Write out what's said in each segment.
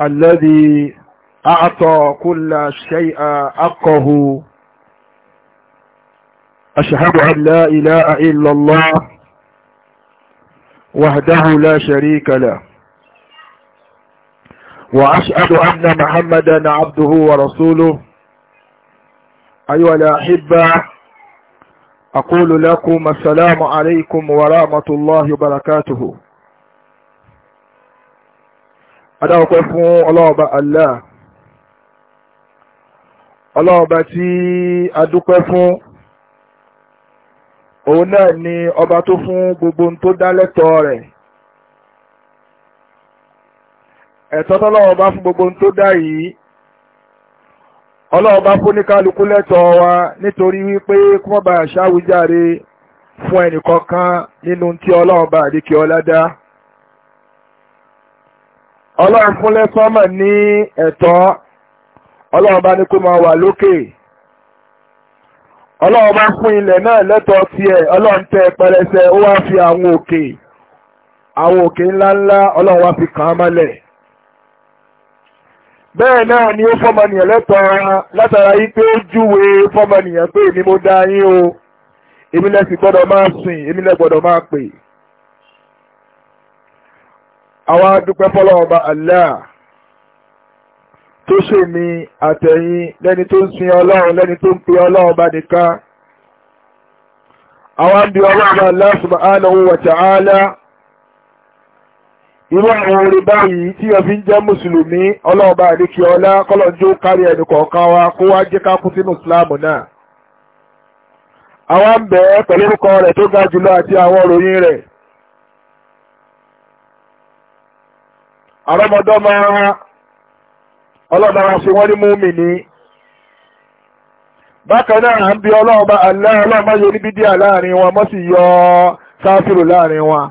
الذي أعطى كل شيء حقه أشهد أن لا إله إلا الله وحده لا شريك له وأشهد أن محمدا عبده ورسوله أيها الأحبة أقول لكم السلام عليكم ورحمة الله وبركاته أدعو قفوا الله بألا الله بأتي أدعو قفوا náà ni ọba tó fún gbogbo ohun tó dá fún gbogbo tó dá ọlọ́ọ̀bá fóníkálukú lẹ́tọ̀ọ́ wa nítorí wípé kí wọ́n bá ṣáwíjàre fún ẹnìkọ̀ọ̀kan nínú tí ọlọ́ọ̀bá àdékè ọládá ọlọ́run fúnlẹ̀ sọ́mọ̀ ní ẹ̀tọ́ ọlọ́run ní kó máa wà lókè ọlọ́run fún ilẹ̀ náà lẹ́tọ̀ọ́ tiẹ̀ ọlọ́ọ̀tẹ̀ tẹ pẹrẹsẹ ó wá fi àwọn òkè àwọn òkè ńláńlá ọlọ́run wá fi kàn án mọ́lẹ̀. bẹ́ẹ̀ náà ni ó fọ́mọnìyàn lẹ́tọ̀ọ́ látara yí pé ó júwe fọ́mọnìyàn pé èmi mo dá yín o èmi lẹ sì gbọ́dọ̀ máa sìn èmi lẹ gbọ́dọ̀ máa pè. àwa dúpẹ́ fọlọ́ọ̀ba Allah tó ṣe ní àtẹ̀yìn lẹ́ni tó ń sin ọlọ́run lẹ́ni tó ń pe ọlọ́run bá nìkan. àwa ń bi ọlọ́run Allah subhanahu wa ta'ala. irú àwọn orin báyìí tí wọ́n fi ń jẹ́ mùsùlùmí ọlọ́ọ̀bá àdékí ọlá kọ́lọ̀njú kárí ẹnu kọ̀ọ̀kan wa kó wá jẹ́ ká kú sínú ìsìláàmù náà. àwa ń bẹ̀ẹ́ pẹ̀lú orúkọ rẹ̀ tó ga jùlọ àti àwọn òròyìn rẹ̀. àrọ́mọdọ́ máa ọlọ́dàra ṣe wọ́n ní ni. bákan náà à ń bi ọlọ́ọ̀bá àlá ọlọ́ọ̀bá yorùbá díà láàrin wọn mọ́ sì yọ káfíìrù láàrin wọn.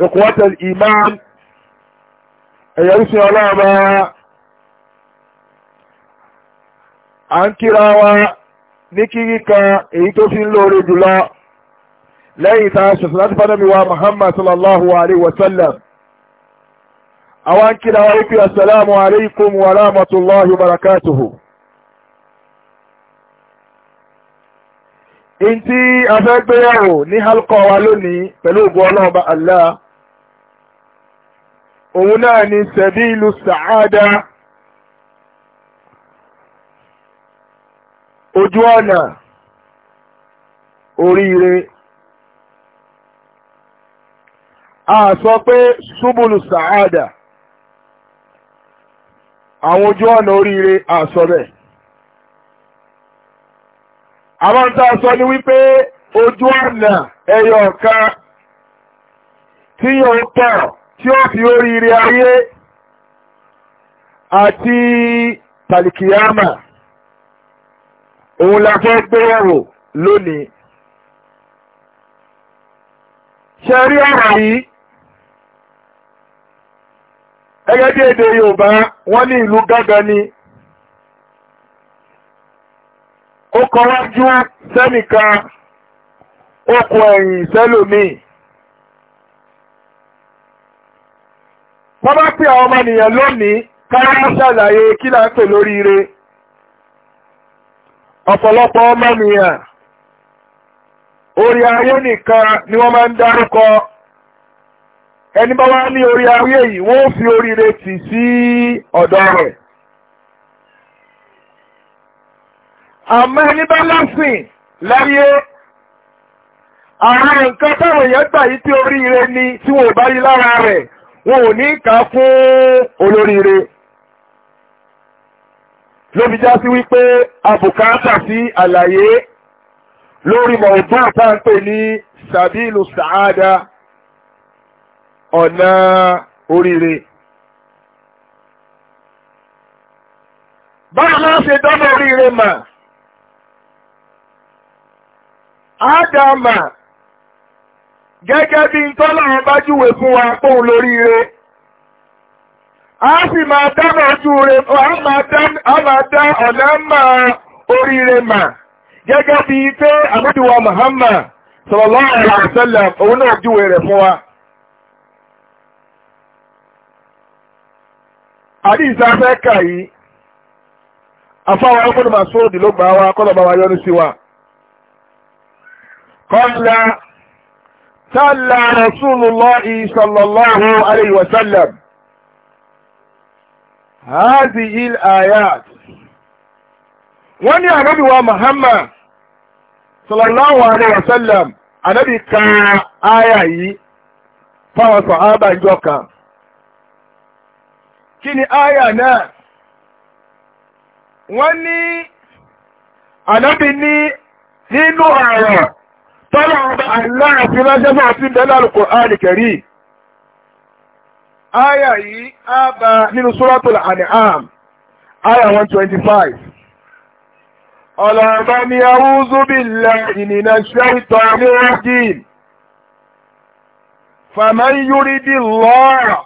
ìkùwọ́tẹ̀ ìmáà ẹ̀yẹ̀ ń sin ọlọ́ọ̀bá à ń kíra wa ní kíkí kan èyí tó fi ń lóore jùlọ lẹ́yìn tá a ṣẹ̀ṣẹ̀ láti fánàbí wa Muhammad sallallahu alayhi wa sallam àwa ń kíra wa wípé asalaamu alaykum wa rahmatulahi wa barakatuhu. Ntí afẹ́gbéyàwó ní halkọ̀ wa lónìí pẹ̀lú ògbó ọlọ́ọ̀bá Allah. òun náà ni sẹ̀bílù sa'ada ojú ọ̀nà a sọ pe subulu sa'ada, àwọn a sọ A tá a sọ ni wípé ojú ọ̀nà ẹyọ kan tí yóò tí ó fi oríire ayé àti tàlìkìyàmà òun la fẹ́ gbéyẹ̀wò lónìí. ṣe rí ọ̀rọ̀ yìí gẹ́gẹ́ bí èdè Yorùbá wọ́n ní ìlú gángan ni ó kọwájú sẹ́nìkan ó ẹ̀yìn sẹ́lòmíì. wọ́n bá pè àwọn ọmọnìyàn lónìí káyọ̀ ṣàlàyé kí là ń pè lóríire ọ̀pọ̀lọpọ̀ ọmọnìyàn orí ayé nìkan ni wọ́n máa ń dárúkọ ẹni bá wá ní orí ayé yìí wọ́n fi oríire tì sí ọ̀dọ̀ rẹ̀ àmọ́ ẹni bá lásìn láyé àwọn nǹkan táwọn èèyàn gbà yí tí oríire ni tí wọ́n ò bá yí lára rẹ̀ wọn ò ní kà fún olóríire ló fi já sí wípé abùkátà sí àlàyé lórí mọ̀ọ́dún àtàǹpẹ̀ ní sàbílù sàádà ọ̀nà oríire. báwo la ṣe dọ́nà oríire mà? ádámà gẹ́gẹ́ bí n tọ́lọ́run bá júwe fún wa póun lórí rẹ̀ a sì máa dáná mọ́jú rẹ̀ a máa dá ọ̀nà máa oríire mà gẹ́gẹ́ bí pé àmúdíwà Muhammad sọ̀rọ̀ alaihi wasallam òun náà júwe rẹ̀ fún wa. àdìsá fẹ́ kà yìí afáwọn ọkùnrin ló gbà wá kọ́lọ̀ wa sí wa. kọ́ńlá صلى رسول الله صلى الله عليه وسلم هذه الآيات وني النبي محمد صلى الله عليه وسلم النبي كان آية فهو صحابة جوكا كني آية نا وني النبي ني nínú ọ̀rọ̀ tọ́lá ọba àìláà fi ránṣẹ́ náà sí bẹ́lá Al-Qur'an Karim áyà yìí á bá nínú Suratul An'am áyà 125 ọ̀làbá ni a'udhu billahi minash shaitanir rajim faman yuridillahu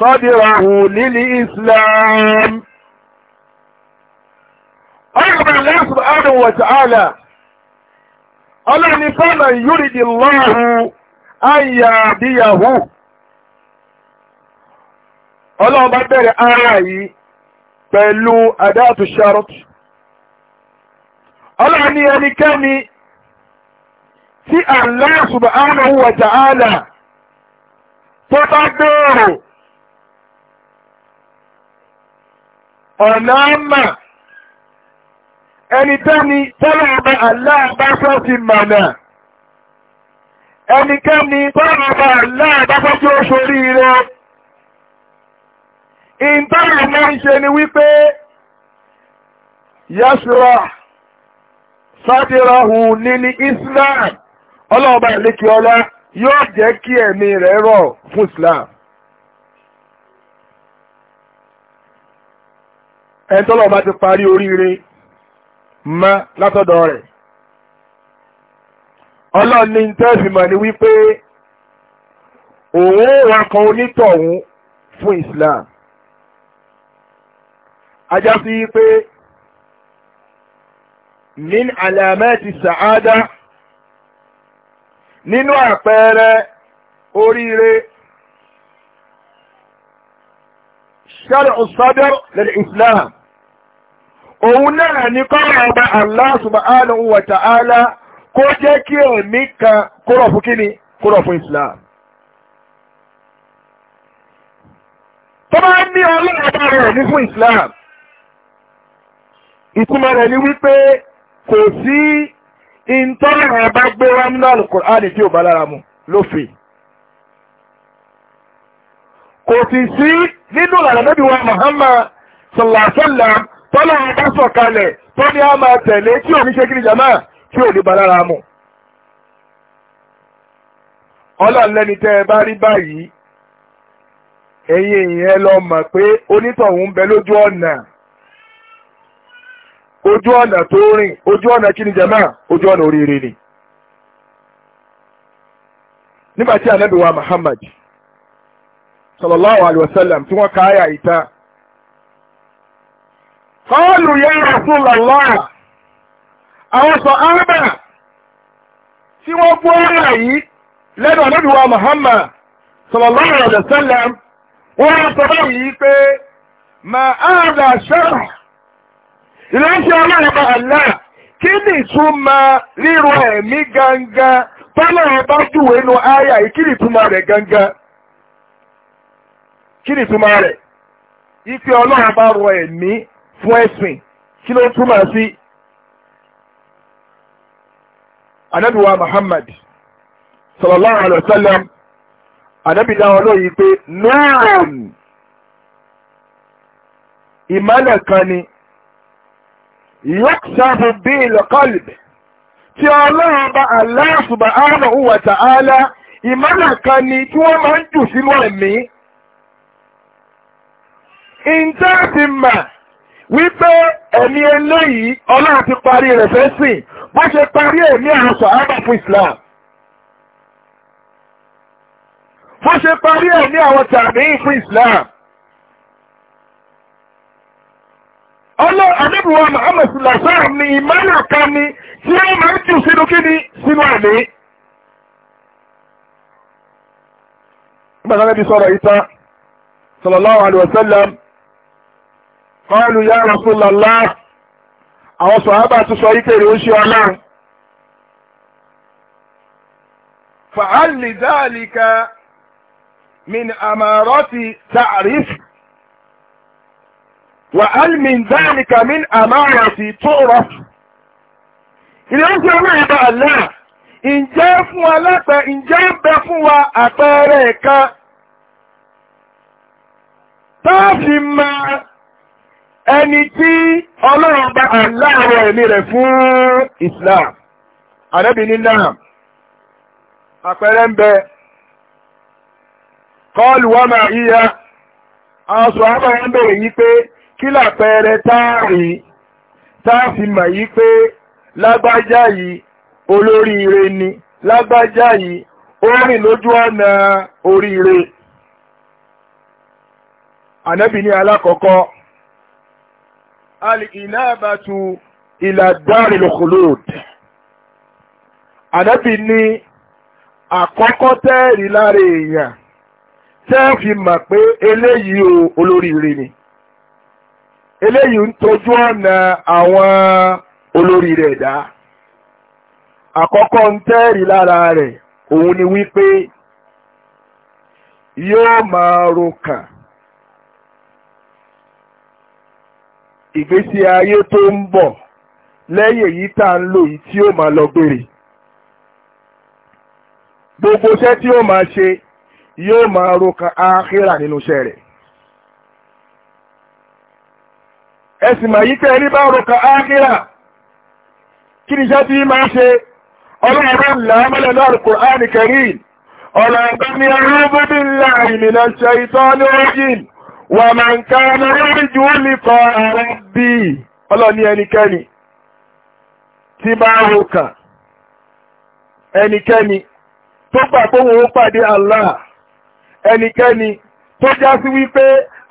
صدره للإسلام أيضا الله سبحانه وتعالى ألا فمن يريد الله أن يهديه ọlọ́run bá bẹ̀rẹ̀ ara yìí pẹ̀lú àdáàtù sharot ọlọ́run ní ẹnikẹ́ni tí Allah subhanahu wa ta'ala tó bá gbèrò ọ̀nà àmà ẹni tẹ́ni tọ́lọ̀ọba aláàbáfẹ́ ẹnikẹ́ni tọ́lọ̀ọba aláàbáfẹ́ tí ó rẹ̀ ìntọ́rọ̀ ṣe ni wípé yásùrọ̀ sádìrọ̀hù nínú Islam ọlọ́ọba ìlékí ọlá yóò jẹ́ kí ẹ̀mí rẹ̀ rọ̀ fún Islam ẹni tọ́lọ̀ bá ti parí oríire mọ́ látọ̀dọ̀ rẹ̀ ọlọ́ọ̀ni tẹ́ẹ̀fìmọ̀ ni wípé òun ò wá kan onítọ̀hún fún Islam ajá sí pé min alamẹ́ti sàádá nínú àpẹẹrẹ oríire ṣẹ́rẹ̀ ọ̀sọ́dọ̀ lẹ́lẹ̀ Islam òun náà ní kọ́rọ̀ ọba Allah subhanahu wa ta'ala kó jẹ́ kí ẹ̀mí kan kúrọ̀ fún kíni kúrọ̀ fún Islam. tó bá ní ọlọ́run rẹ̀ ní fún Islam ìtumọ̀ rẹ̀ ni wípé kò sí ìtọ́rọ̀ ọba gbé rámúnà Al-Qur'ani tí ò bá lára mu lófin kò sì sí nínú àlànà bí wa Muhammad sallallahu alaihi wa tọ́lá bá sọ̀kalẹ̀ tó ní a máa tẹ̀lé tí ò ní ṣe kiri jàmáà tí ò ní balára mu. ọlọ́ọ̀lẹ́ni tẹ́ ẹ bá rí báyìí ẹ̀yin ìyẹn lọ mọ̀ pé onítọ̀hún bẹ lójú ọ̀nà ojú ọ̀nà tó rìn ojú ọ̀nà kí ni ojú ọ̀nà oríire ni. nígbà tí ànábì wa Muhammad sallallahu alayhi tí wọ́n ka àyà ìta. ya yá Rasulullah. Àwọn sọ ábà tí wọ́n kú ọ̀rọ̀ yìí lẹ́nu àdọ́dùwà Muhammad sallallahu alaihi wasallam wọ́n á sọ báyìí pé ma áàdà ṣẹ́rà. Ìránṣẹ́ ọlọ́ọ̀bà Allah kí ni ìtumọ̀ ríro ẹ̀mí gangan tọ́lọ́rọ̀ bá jùwé nu áyà kí ni ìtumọ̀ rẹ̀ gangan? Kí ni ìtumọ̀ rẹ̀? Ife ọlọ́ọ̀bà rọ ẹ̀mí fún ẹ̀sìn kí ló túmọ̀ sí anabiwa Muhammad sallallahu alayhi wa sallam anabi dáhùn olóyìí pé nùrùn ìmọ̀lẹ̀ kan ni yọ́kṣàbù bí ìlọ́kọ́lùbẹ̀ tí ọlọ́run bá Allah subhanahu wa ta'ala ìmọ̀lẹ̀ kan ni tí wọ́n máa ń jù sínú ẹ̀mí. ìjẹ́ ti wípé ẹ̀mí eléyìí ọlọ́run ti parí rẹ̀ fẹ́ sìn bó ṣe parí ẹ̀mí àwọn sàhábà fún Islam bó ṣe parí ẹ̀mí àwọn tàbíyìn fún Islam ọlọ́run àdébùwà Muhammad sùlásán ni ìmọ̀lẹ̀ kan ni tí ó máa ń jù sínú kíni sínú àlè. nígbà tí wọ́n ti sọ̀rọ̀ ìta sallallahu alaihi wasallam kọ́ọ̀lù yá Rasulullah àwọn sọ̀hábà tó sọ ìkèrè ó ṣe ọlọ́run fàálì dáàlìkà min àmàrọ́tì ta'rif wà álmin dáàlìkà min àmàrọ́tì tu'raf ilé ń ṣe ọlọ́run bá aláà ǹjẹ́ fún wa lápẹ bẹ fún wa àpẹẹrẹ kan táàfin máa ẹni tí ọlọ́run bá aláàrọ̀ ẹ̀mí rẹ̀ fún Islam àrẹ́bì ní náà àpẹẹrẹ ń bẹ kọlù wọ́n máa yíya àwọn sọ àbáwọn bèèrè yí pé kí làpẹẹrẹ táàrí táàfi mà yí pé lágbájá yìí olóríire ni lágbájá yìí ó lójú ọ̀nà oríire ànábì ní alákọ̀ọ́kọ́ alìnàbàtú ìlàdárì lòkòlòd ànábì ní àkọ́kọ́ tẹ́ẹ̀rí lára èèyàn tẹ́ẹ̀ fi mọ̀ pé eléyìí o olóríire ni eléyìí ń tọ́jú ọ̀nà àwọn olóríire ẹ̀dá àkọ́kọ́ ń tẹ́ẹ̀rí lára rẹ̀ òun ni wípé yóò máa ro kàn ìgbésí ayé tó ń bọ̀ lẹ́yìn èyí tá à ń lò yìí tí ó máa lọ gbére gbogbo iṣẹ́ tí ó máa ṣe yóò máa ro kan áhírà nínú iṣẹ́ rẹ̀ ẹ̀sìn mà yí tẹ́ ẹni bá ro kan áhírà kí ni iṣẹ́ tí máa ṣe ọlọ́run bá ń là á mọ́lẹ̀ lọ́rùn Qur'an Karim ọ̀làǹkà ni arúgbó bí ìmìnà ṣe ìtọ́ ní origin wà máa ń ká ọmọ orí ju ó kọ ààrẹ bí ọlọ́ni ẹnikẹ́ni tí bá rò kàn ẹnikẹ́ni tó gbà pé pàdé Allah ẹnikẹ́ni tó já sí wípé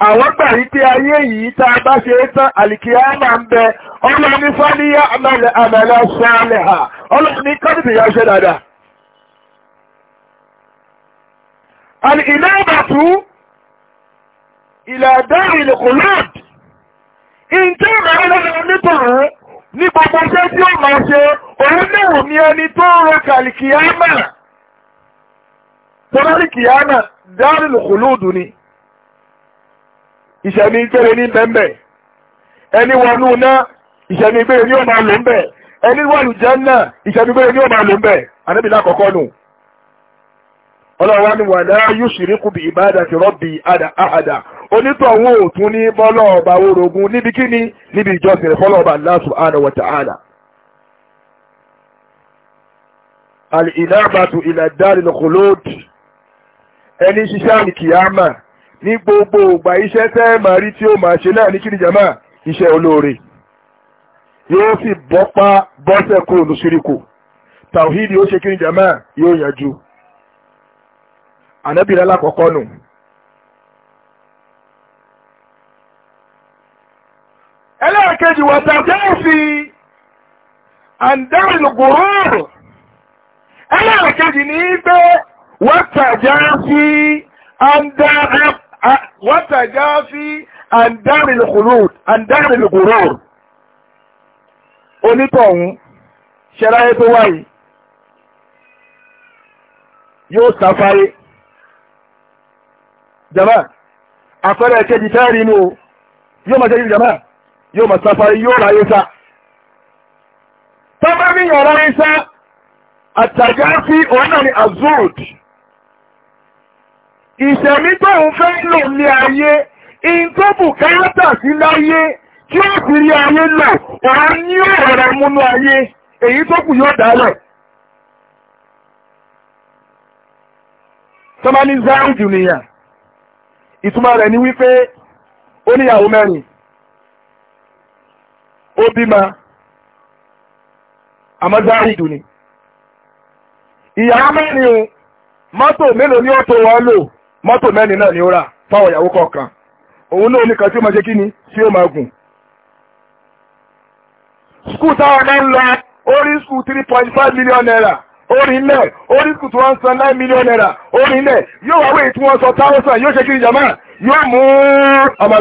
àwọn gbà yí pé ayé yìí tá a bá ṣe é tán ń bẹ ọlọ́ni fáníyà àmàlẹ̀ àmàlẹ̀ ìlàdárì lèkòlóòdì ìjẹ́ ìrọ̀rẹ́ lọ́nà nítorùn ní gbogbo iṣẹ́ tí ó máa ṣe òun níwò ní ẹni tó ń ro kàlìkìyàmà tọ́lárì kìyàmà ni ìṣẹ̀mí ìgbére ní bẹ́ẹ̀ ẹni wọnú náà ìṣẹ̀mí ìgbére ní ó máa lò ń bẹ̀ ẹni wọlù jẹ́ náà ìṣẹ̀mí ìgbére ní ó máa lò ń bẹ̀ anábìlá àkọ́kọ́ nù ọlọ́wọ́ ni wà náà yóò ṣìríkù bí ìbádà ti rọ́bì àdà àhàdà onítọ̀hún ò tún ní bọ́lọ̀ ọba orogún níbi kíni níbi ìjọsìn rẹ̀ fọ́lọ̀ ọba Allah subhanahu wa ta'ala. al-inabatu ila daril khulud ẹni ṣiṣẹ́ àlìkìyàmà ní gbogbo ìgbà iṣẹ́ tẹ́ máa rí tí ó máa ṣe náà ní kíni jama iṣẹ́ olóore yóò sì bọ́pá bọ́sẹ̀ kúrò ní ṣíríkù tàwíìdì ó ṣe kíni jama yóò yanjú ànábìrẹ́ lákọ̀ọ́kọ́ nù. ẹlẹ́ẹ̀kejì wọ̀ta jẹ́ẹ̀fì àndẹ́rìn gòrò ẹlẹ́ẹ̀kejì ní pé wọ́ta jẹ́ẹ̀fì àndẹ́rìn gòrò onítọ̀hún ṣẹláyé tó wáyé yóò sáfáyé jama àpẹẹrẹ kejì tẹ́rì inú yóò máa jẹ́ jama yóò mọ̀ sáfárí yóò ráyé sá tọ́bá ní yàrá ráyé sá àtàgá sí òun náà ni azud ìṣẹ̀mí tó ń fẹ́ lò ní ayé ìntọ́bù káyọ́tà sí láyé tí ó sì rí ayé lò òun ní ọ̀rọ̀ múnú ayé èyí tó kù yóò dálẹ̀ tọ́bá ní záàjù nìyà ìtumọ̀ rẹ̀ ni wípé ó níyàwó mẹ́rin ó bímọ àmọ́ záhìdù ni ìyàwó mẹ́rin o mọ́tò mélòó ni ó tó lò mọ́tò mẹ́rin náà ni ó rà fáwọn ìyàwó kọ̀ọ̀kan òun náà nìkan tí ó máa ṣe kí ni tí ó máa gùn skul táwọn náà ń lọ orí skul million naira orí ilẹ̀ orí skul tí wọ́n san million naira orí ilẹ̀ yóò wá wéyìí tí wọ́n sọ thousand yóò ṣe kí ni jama yóò mú ọmọ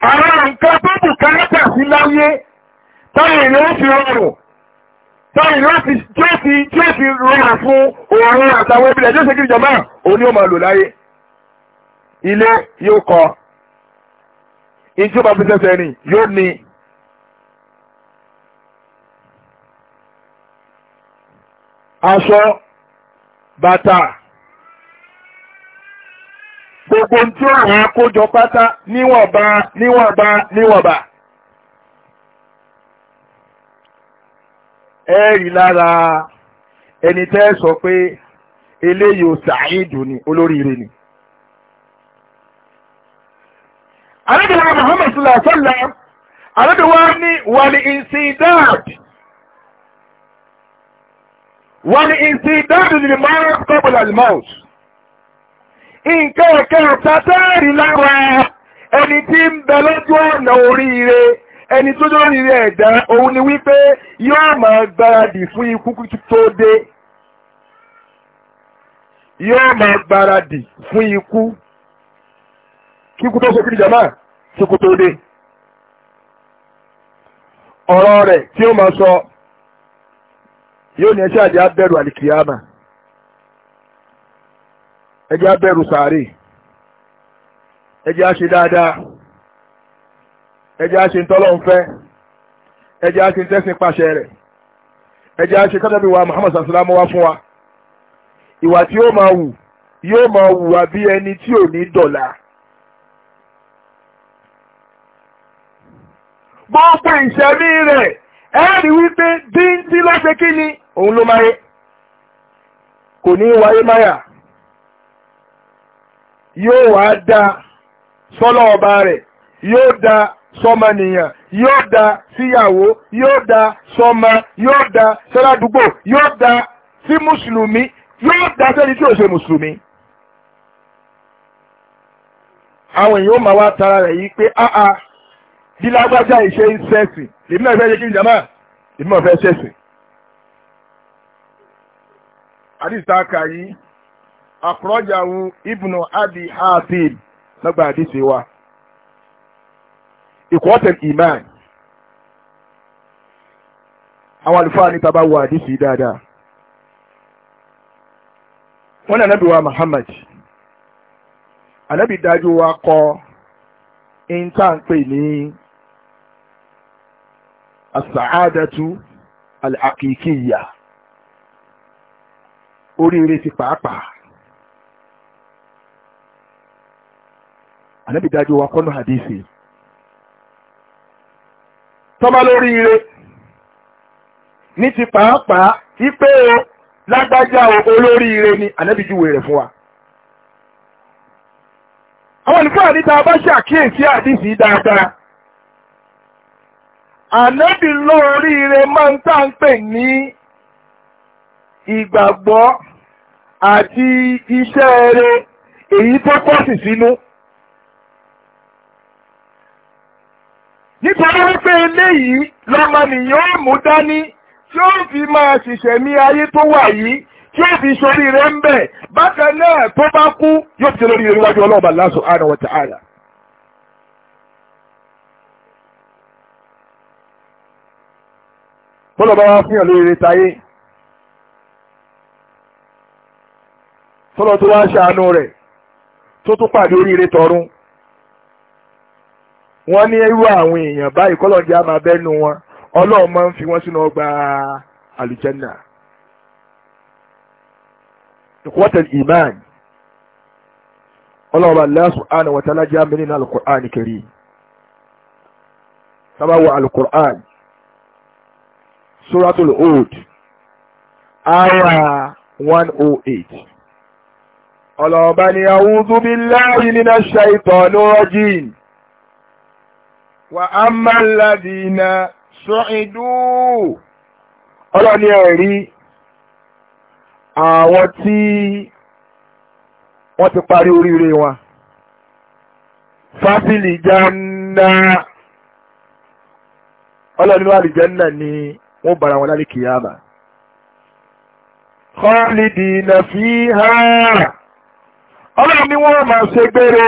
àwọn nǹkan tó bùkátà sí láyé tọ́yìn ló fi rọrùn tọ́yìn ló fi tí ó fi tí ó fi rọrùn fún òun àtàwọn ẹbí rẹ̀ tí ó ṣe kí ìjọba òun ni ó máa lò láyé ilé yóò kọ́ ìjọ bàtà gbogbo tí ó wọ́n kójọ pátá níwọ̀nba níwọ̀nba níwọ̀nba. ẹ rí lára ẹni tẹ́ sọ pé eléyìí ò sàáìdù ni olóríire ni. àrẹ́bìnrin Muhammad sallallahu alaihi wasallam àrẹ́bìnrin ní wàlí insidad wàlí insidad ni mọ́ kọ́bùlà mọ́ọ̀sì nǹkan ẹ̀kẹ́ àtàtẹ́rì lára ẹni tí ń bẹ lójú ọ̀nà oríire ẹni tó lórí rẹ̀ ẹ̀dá òun ni wípé yóò máa gbáradì fún ikú tó dé yóò máa gbáradì fún ikú kíkú tó ṣe kí jama kíkú tó dé ọ̀rọ̀ rẹ̀ tí ó máa sọ yóò ní ẹṣẹ́ àjẹ́ abẹ́rù àlìkìyàmà ẹjẹ́ abẹ́rù sàárè ẹjẹ́ á ṣe dáadáa ẹjẹ́ á ṣe ntọ́lọ́hún ẹjẹ́ á ntẹ́sìn pàṣẹ rẹ̀ ẹjẹ́ á kọ́tàbí wa Muhammad sàlámù wa fún wa ìwà tí ó máa wù yóò máa wù wá bí ẹni tí ò ní dọ̀là. gbogbo ìṣẹ́mí rẹ̀ ẹ̀rí wípé díndín ló ni òun ló máa yé kò ní wáyé máyà yóò wá dá sọ́lọ́ ọba rẹ̀ yóò dá sọmọnìyàn yóò dá síyàwó yóò dá sọmọ yóò dá sẹ́ládùúgbò yóò dá sí mùsùlùmí yóò dá sẹ́ni tí ò ṣe mùsùlùmí. àwọn èèyàn máa wá tara rẹ̀ yìí pé áá bí lágbájá ìṣe ń sẹ́sìn lèmi náà fẹ́ ṣe kí n jàmá lèmi náà fẹ́ sẹ́sìn. àdìsáka yìí. àkúrọ́jàwù ibùnà abi hatim lọ́gbà àdìsí wa ìkọ́tẹ̀ iman àwọn Iman. ní taba wo àdìsí dáadáa wọn nànàbí wa muhammad anabi dájú wa kọ intanpe ní asaadatu al-aqiqiyya oríire ti pàápàá. ànábì dájú wa kọ́nù hadisi tọ́ba lórí ire ní ti pàápàá ipé o lágbájá olórí ni ànábì júwe rẹ̀ fún wa àwọn olùfọ́ àdíta bá ṣàkíyèsí àdísì dáadáa ànábì lórí ire máa ń tà ń pè ní ìgbàgbọ́ àti iṣẹ́ rere èyí tó pọ̀ sí sínú. Si nítorí wípé eléyìí lọ́mọnìyàn ó mú dání tí ó fi máa ṣiṣẹ́ mi ayé tó wà yìí tí ó fi sórí rẹ̀ ń bẹ̀ bákan náà tó bá kú yóò ti lórí iwájú ọlọ́ọ̀bà Allah subhanahu wa ta'ala. bọ́lọ̀ bá wá fihàn lórí rẹ̀ táyé tọ́lọ́ tó wá ṣàánú rẹ̀ tó tún pàdé oríire tọ̀run wọ́n ní irú àwọn èèyàn báyìí kọ́lọ̀ àmà bẹ́nu wọn ọlọ́run máa ń fi wọ́n sínú ọgbà àlùjẹ́nà. ìkọ́tẹ̀ iman ọlọ́run Allah subhanahu wa ta'ala jẹ́ àmì nínú alukur'an kiri sábàwọ̀ alukur'an suratul Hud aya one oh eight. ọlọ́run bá ní a'udhu billahi minash shaitonir rajim wà á má ládìínà sọ́ìdú ọlọ́ni ẹ̀rí àwọn tí wọ́n ti parí oríire wọn fásilì jáná ọlọ́ni wà lè jẹ́nà ni wọ́n bára wọn lálẹ́ kìyàmà khalidina fiha ọlọ́ni wọ́n máa ṣe gbére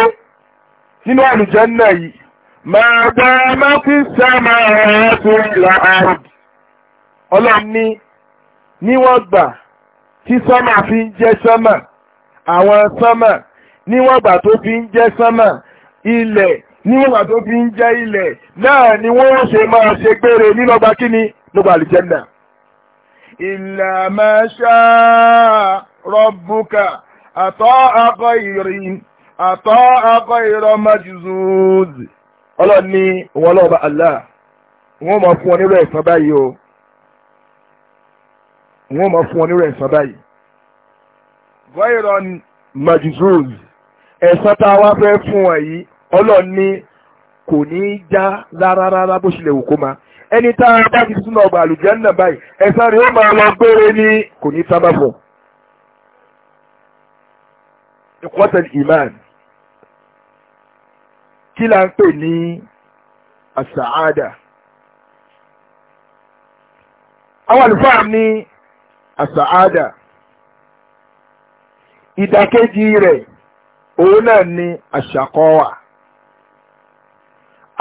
nínú àlùjànnà yìí ما دامت السماوات والأرض ọlọ́run ní níwọ̀n gbà tí sọ́mà fi ń jẹ́ sọ́mà àwọn sọ́mà níwọ̀n gbà tó fi ń jẹ́ sọ́mà ilẹ̀ níwọ̀n gbà tó fi ń jẹ́ ilẹ̀ náà ni wọ́n ṣe máa ṣe gbére nílọ́gba kíni lọ́gba àlùjẹ́ndà. إلا ما شاء ربك عطاء غير عطاء غير مجزوز ọlọ́run ní òun ọlọ́ọ̀bá Allah wọ́n máa fún ọ nírú ẹ̀san báyìí o wọ́n máa fún ọ nírú ẹ̀san báyìí. vairon majuzuz ẹ̀san tá a wá fẹ́ fún ọ yìí ọlọ́run ní kò ní í já rárá rárá bó ṣe lè wù kó ma ẹni tá a bá ti sínú ọgbà àlùjánnà báyìí ẹ̀san rẹ̀ ó máa lọ gbére ní kò ní í sábà fọ̀. ìkọ́tẹ̀lì iman kí la ń pè ní àsàádà àwọn àlùfáà ní ìdàkejì rẹ̀ òun náà ni àṣàkọ́wà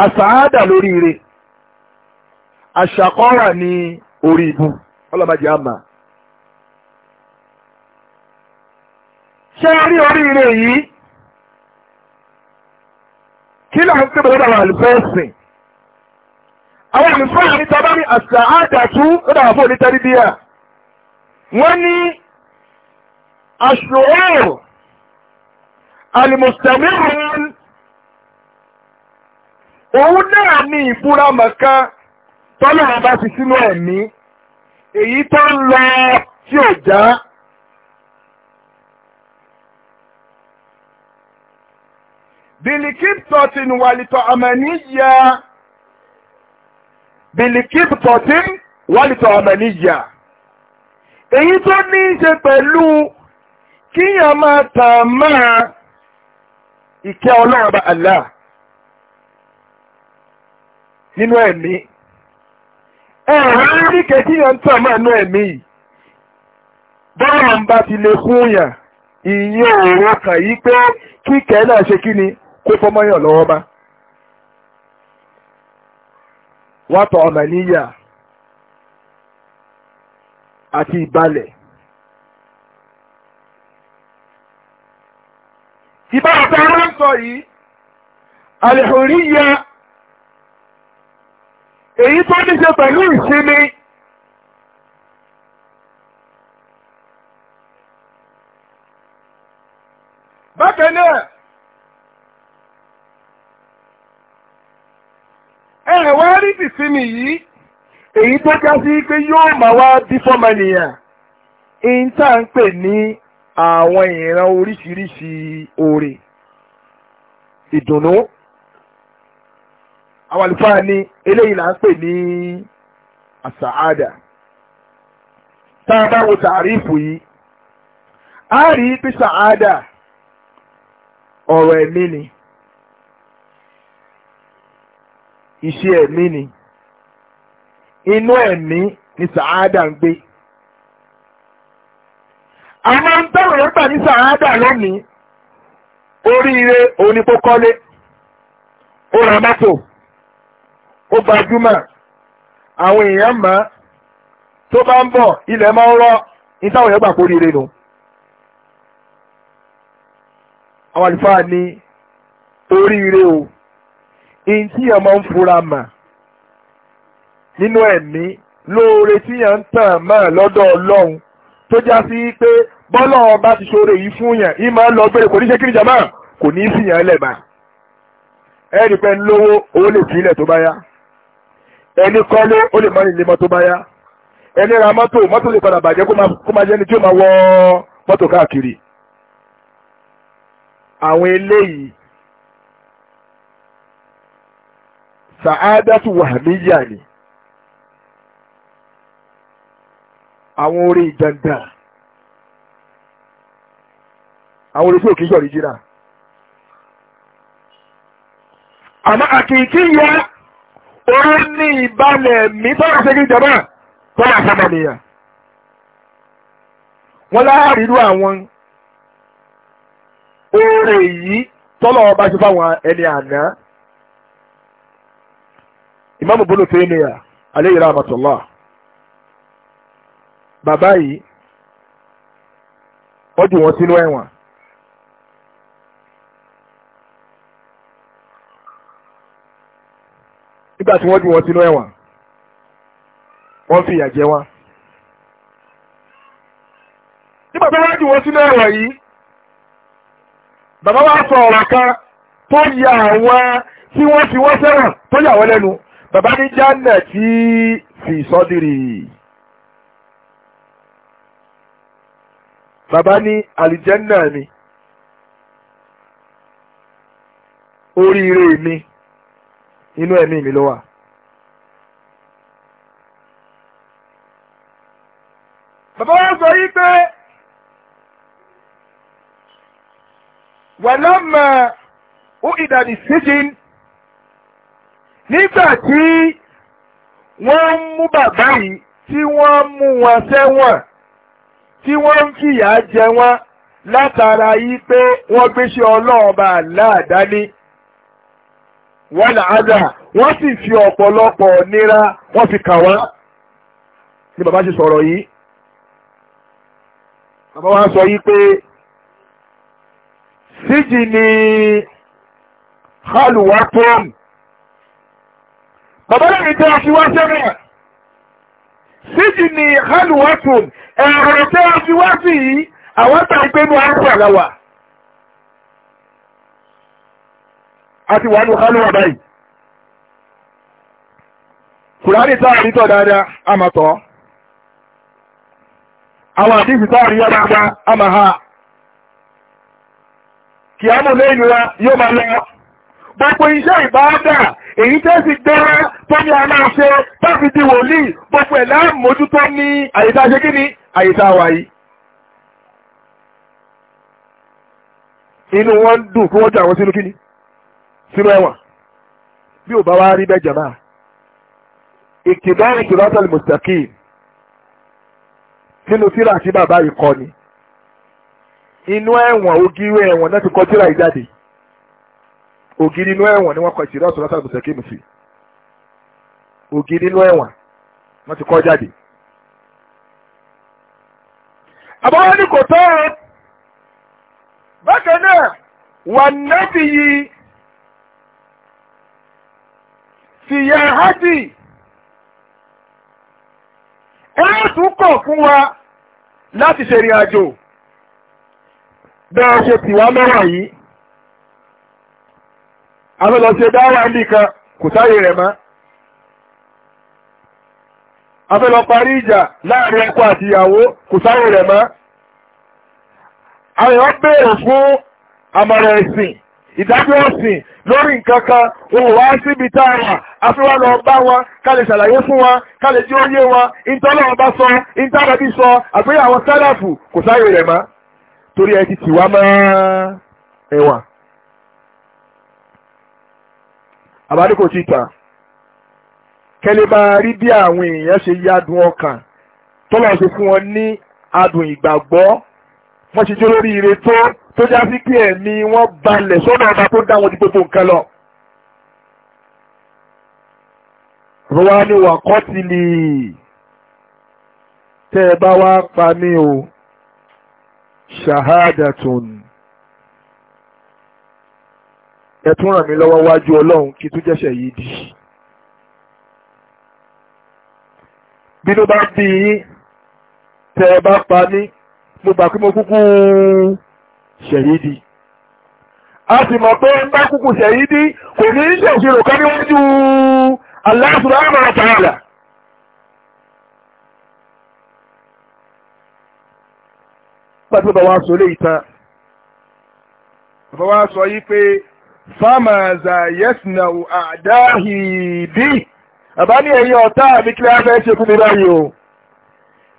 àsàádà lóríire àṣàkọ́wà ní ibu ọlọ́mọdé àmà ṣé a rí oríire kí ló ń pè lọ́dọ̀ àwọn àlùfẹ́ẹ̀sìn àwọn àlùfẹ́ẹ̀sìn ní tọ́ba ní àṣà àdàtú lọ́dọ̀ àwọn fóònù tẹ́lí bíyà wọ́n ní aṣòro àlùmọ̀sàmíràn òun náà ní ìbúra màkà tọ́lọ́ àbá ti sínú ẹ̀mí èyí tó ń lọ tí ò já. bilikiptọtin walitọ amaniya bilikiptọtin walitọ amaniya èyí tó ní í ṣe pẹ̀lú kíyàn máa tàn máa ìkẹ́ ọlọ́ọ̀bá Allah nínú ẹ̀mí ẹ̀rọ ní kẹtíyàn tàn máa nú ẹ̀mí yìí bọ́ọ̀rọ̀ ń bá ti lè fún yàn ìyẹn òwò kàn yí pé kíkẹ́ náà ṣe kí ni kó fọmọyàn lọ́wọ́ bá wọ́n tọ ọmọ níyà àti ìbalẹ̀. ìbá ọ̀tá ara ń sọ yìí àlèhùn rí ya èyí tó ní ṣe pẹ̀lú ìsinmi. nìyí èyí tó já sí pé yóò máa wá bí fọ́mọnìyàn ìta ń pè ní àwọn ìran oríṣiríṣi oore ìdùnnú àwọn àlùfáà ní eléyìí là ń pè ní àsàádà tá a bá wo tàrífù yìí a rí pé sàádà ọ̀rọ̀ ẹ̀mí ni iṣẹ́ ẹ̀mí ni. inú ẹ̀mí ni sàádà ń gbé. àmọ́ ń tọrọ yẹn gbà ní sàádà lónìí oríire onípo kọ́lé ó ra gbajúmọ̀ àwọn èèyàn mọ̀ tó bá ń bọ̀ ilẹ̀ máa ń rọ́ èèyàn gbà kó o ìyìn tí èèyàn ń fura nínú ẹ̀mí lóore tí yàn ń tàn mọ́ lọ́dọ̀ ọlọ́run tó já sí pé ọba ti ṣoore yìí fún yàn yìí máa ń lọ bẹ̀rẹ̀ kò ní ṣe kí ni jàmá kò ní í sì yàn lẹ́bàá ẹni pẹ́ ń lówó owó lè tó bá yá ẹni kọ́lé ó lè ra mọ́tò mọ́tò lè padà bàjẹ́ kó máa jẹ́ ni tí ó máa wọ mọ́tò káàkiri àwọn eléyìí sàádàtú ni àwọn orí dandan àwọn orí tí ò kí yọ̀rí jìnnà àmọ́ àkìkí yọ orí ní ìbálẹ̀ mi tọ́rọ sí ìjọba tọ́rọ àfọmọ̀nìyàn wọ́n láàrínú àwọn orí yìí tọ́lọ̀ ọba ṣe fáwọn ẹni àná ìmáàmù bọ́lù tẹ́lẹ̀ àlẹ́ yìí rahmatullah bàbá yìí wọ́n jù wọ́n sínú ẹ̀wọ̀n. nígbà tí wọ́n jù wọ́n sínú ẹ̀wọ̀n wọ́n fi ìyà jẹ wọn. nígbà tí wọ́n jù wọ́n sínú ẹ̀wọ̀n yìí bàbá wa sọ ọ̀rọ̀ kan tó yà wọ́n tí wọ́n fi wọ́n sẹ́wọ̀n tó yà wọ́n lẹ́nu bàbá ní jánà tí fi sọ́dírì. bàbá ní àlìjẹ́nà mi oríire mi inú ẹ̀mí mi ló wà. bàbá wa sọ yí pé wàlámà ó ìdàdí síjìn nígbà tí wọ́n mú bàbá yìí tí wọ́n mú wọn sẹ́wọ̀n tí wọ́n ń fìyà jẹ wọ́n látara yí pé wọ́n gbéṣẹ́ ọlọ́ọ̀ba àláàdáni wọ́n làádà wọ́n sì fi ọ̀pọ̀lọpọ̀ nira wọ́n fi kà wọ́n ni bàbá ṣe sọ̀rọ̀ yìí bàbá wa sọ yìí pé síjì ni hàlùwà tó bàbá lẹ́yìn tí a fi wá sẹ́rẹ̀. síjì ní hanwatun ẹ̀rọ tẹ́ a fi wá sí yìí àwọn tá à ń pé ní arúgbó àláwà. a ti wà ní hanwa báyìí. kùránì táàrí tọ̀ dáadáa a máa tọ̀. àwọn àdìsí táàrí yá dáadáa a máa ha. kìámù lẹ́yìn wa yóò máa lọ. gbogbo iṣẹ́ ìbáradà èyí tẹ́ sì dára. tó ní a máa ṣe táfi di wòlíì gbogbo ẹ̀ láàmójútó ní àyíká ṣe kí ni àyíká wà yìí. inú wọn ń dùn fún ọjà àwọn sínú kí ni sínú ẹ̀wọ̀n bí ò bá wá rí bẹ́ẹ̀ jàmáà ìkìdáhùn ìkìlọ́tọ̀ mustaqim nínú tírà àti bàbá yìí ni inú ẹ̀wọ̀n ògiri ẹ̀wọ̀n náà ti kọ́ tírà yìí ògiri inú ẹ̀wọ̀n ni wọ́n kọ ìkìlọ́tọ̀ mustaqim sí i ògì nínú ẹ̀wọ̀n wọ́n ti kọ́ jáde. àbáwọ́ ní kò tọ́ ọ bákan náà wà nẹ́bí yìí fìyà hádì ẹlẹ́tún kọ̀ fún wa láti ṣèrìn àjò bẹ́ẹ̀ ṣe tìwá mẹ́wàá yìí àwọn lọ dáwà nìkan kò sáyé rẹ̀ mọ́. afẹ́lọ parí ìjà láàrin ẹkọ àti ìyàwó kò sáré rẹ̀ mọ́ àwọn èèyàn béèrè fún àmọ̀ràn ẹ̀sìn ìdájọ́ ọ̀sìn lórí nǹkan kan òun wá síbi tá a wà afẹ́wà lọ bá wọn ká lè ṣàlàyé fún wọn ká lè jẹ́ òye wọn sọ ìtàbàbí sọ àgbéyàwó sálàfù kò sáré rẹ̀ torí ẹ ti tì wá kẹ́lẹ́ bá rí bí àwọn èèyàn ṣe yádùn ọkàn tọ́lọ̀ ṣe fún wọn ní adùn ìgbàgbọ́ wọ́n ṣe jẹ́ lórí ire tó tó já sí pé ẹ̀mí wọn balẹ̀ sọ́nà ọba tó dá wọn ju gbogbo nǹkan lọ. rọwá ni wà kọ́tìlì tẹ́ ẹ bá wá pa mí o ṣahadatun ẹ tún ràn mí lọ́wọ́ wájú ọlọ́run kí tún jẹ́ṣẹ̀ yìí dì í. bí ló bá bí yín tẹ ẹ bá pa ní mo gbà pé mo kúkú ṣẹ̀yídì a sì mọ̀ pé ń bá kúkú ṣẹ̀yídì kò ní í ṣèṣirò kan níwájú Allah subhanahu wa ta'ala. pàtó bá wá sọ lé ìta bá wá sọ yí pé fámàzà yẹ́sìnà àdáhìí bíi bàbá ní ẹ̀yìn ọ̀tá mi kí lẹ́yìn fẹ́ ṣe fún mi báyìí o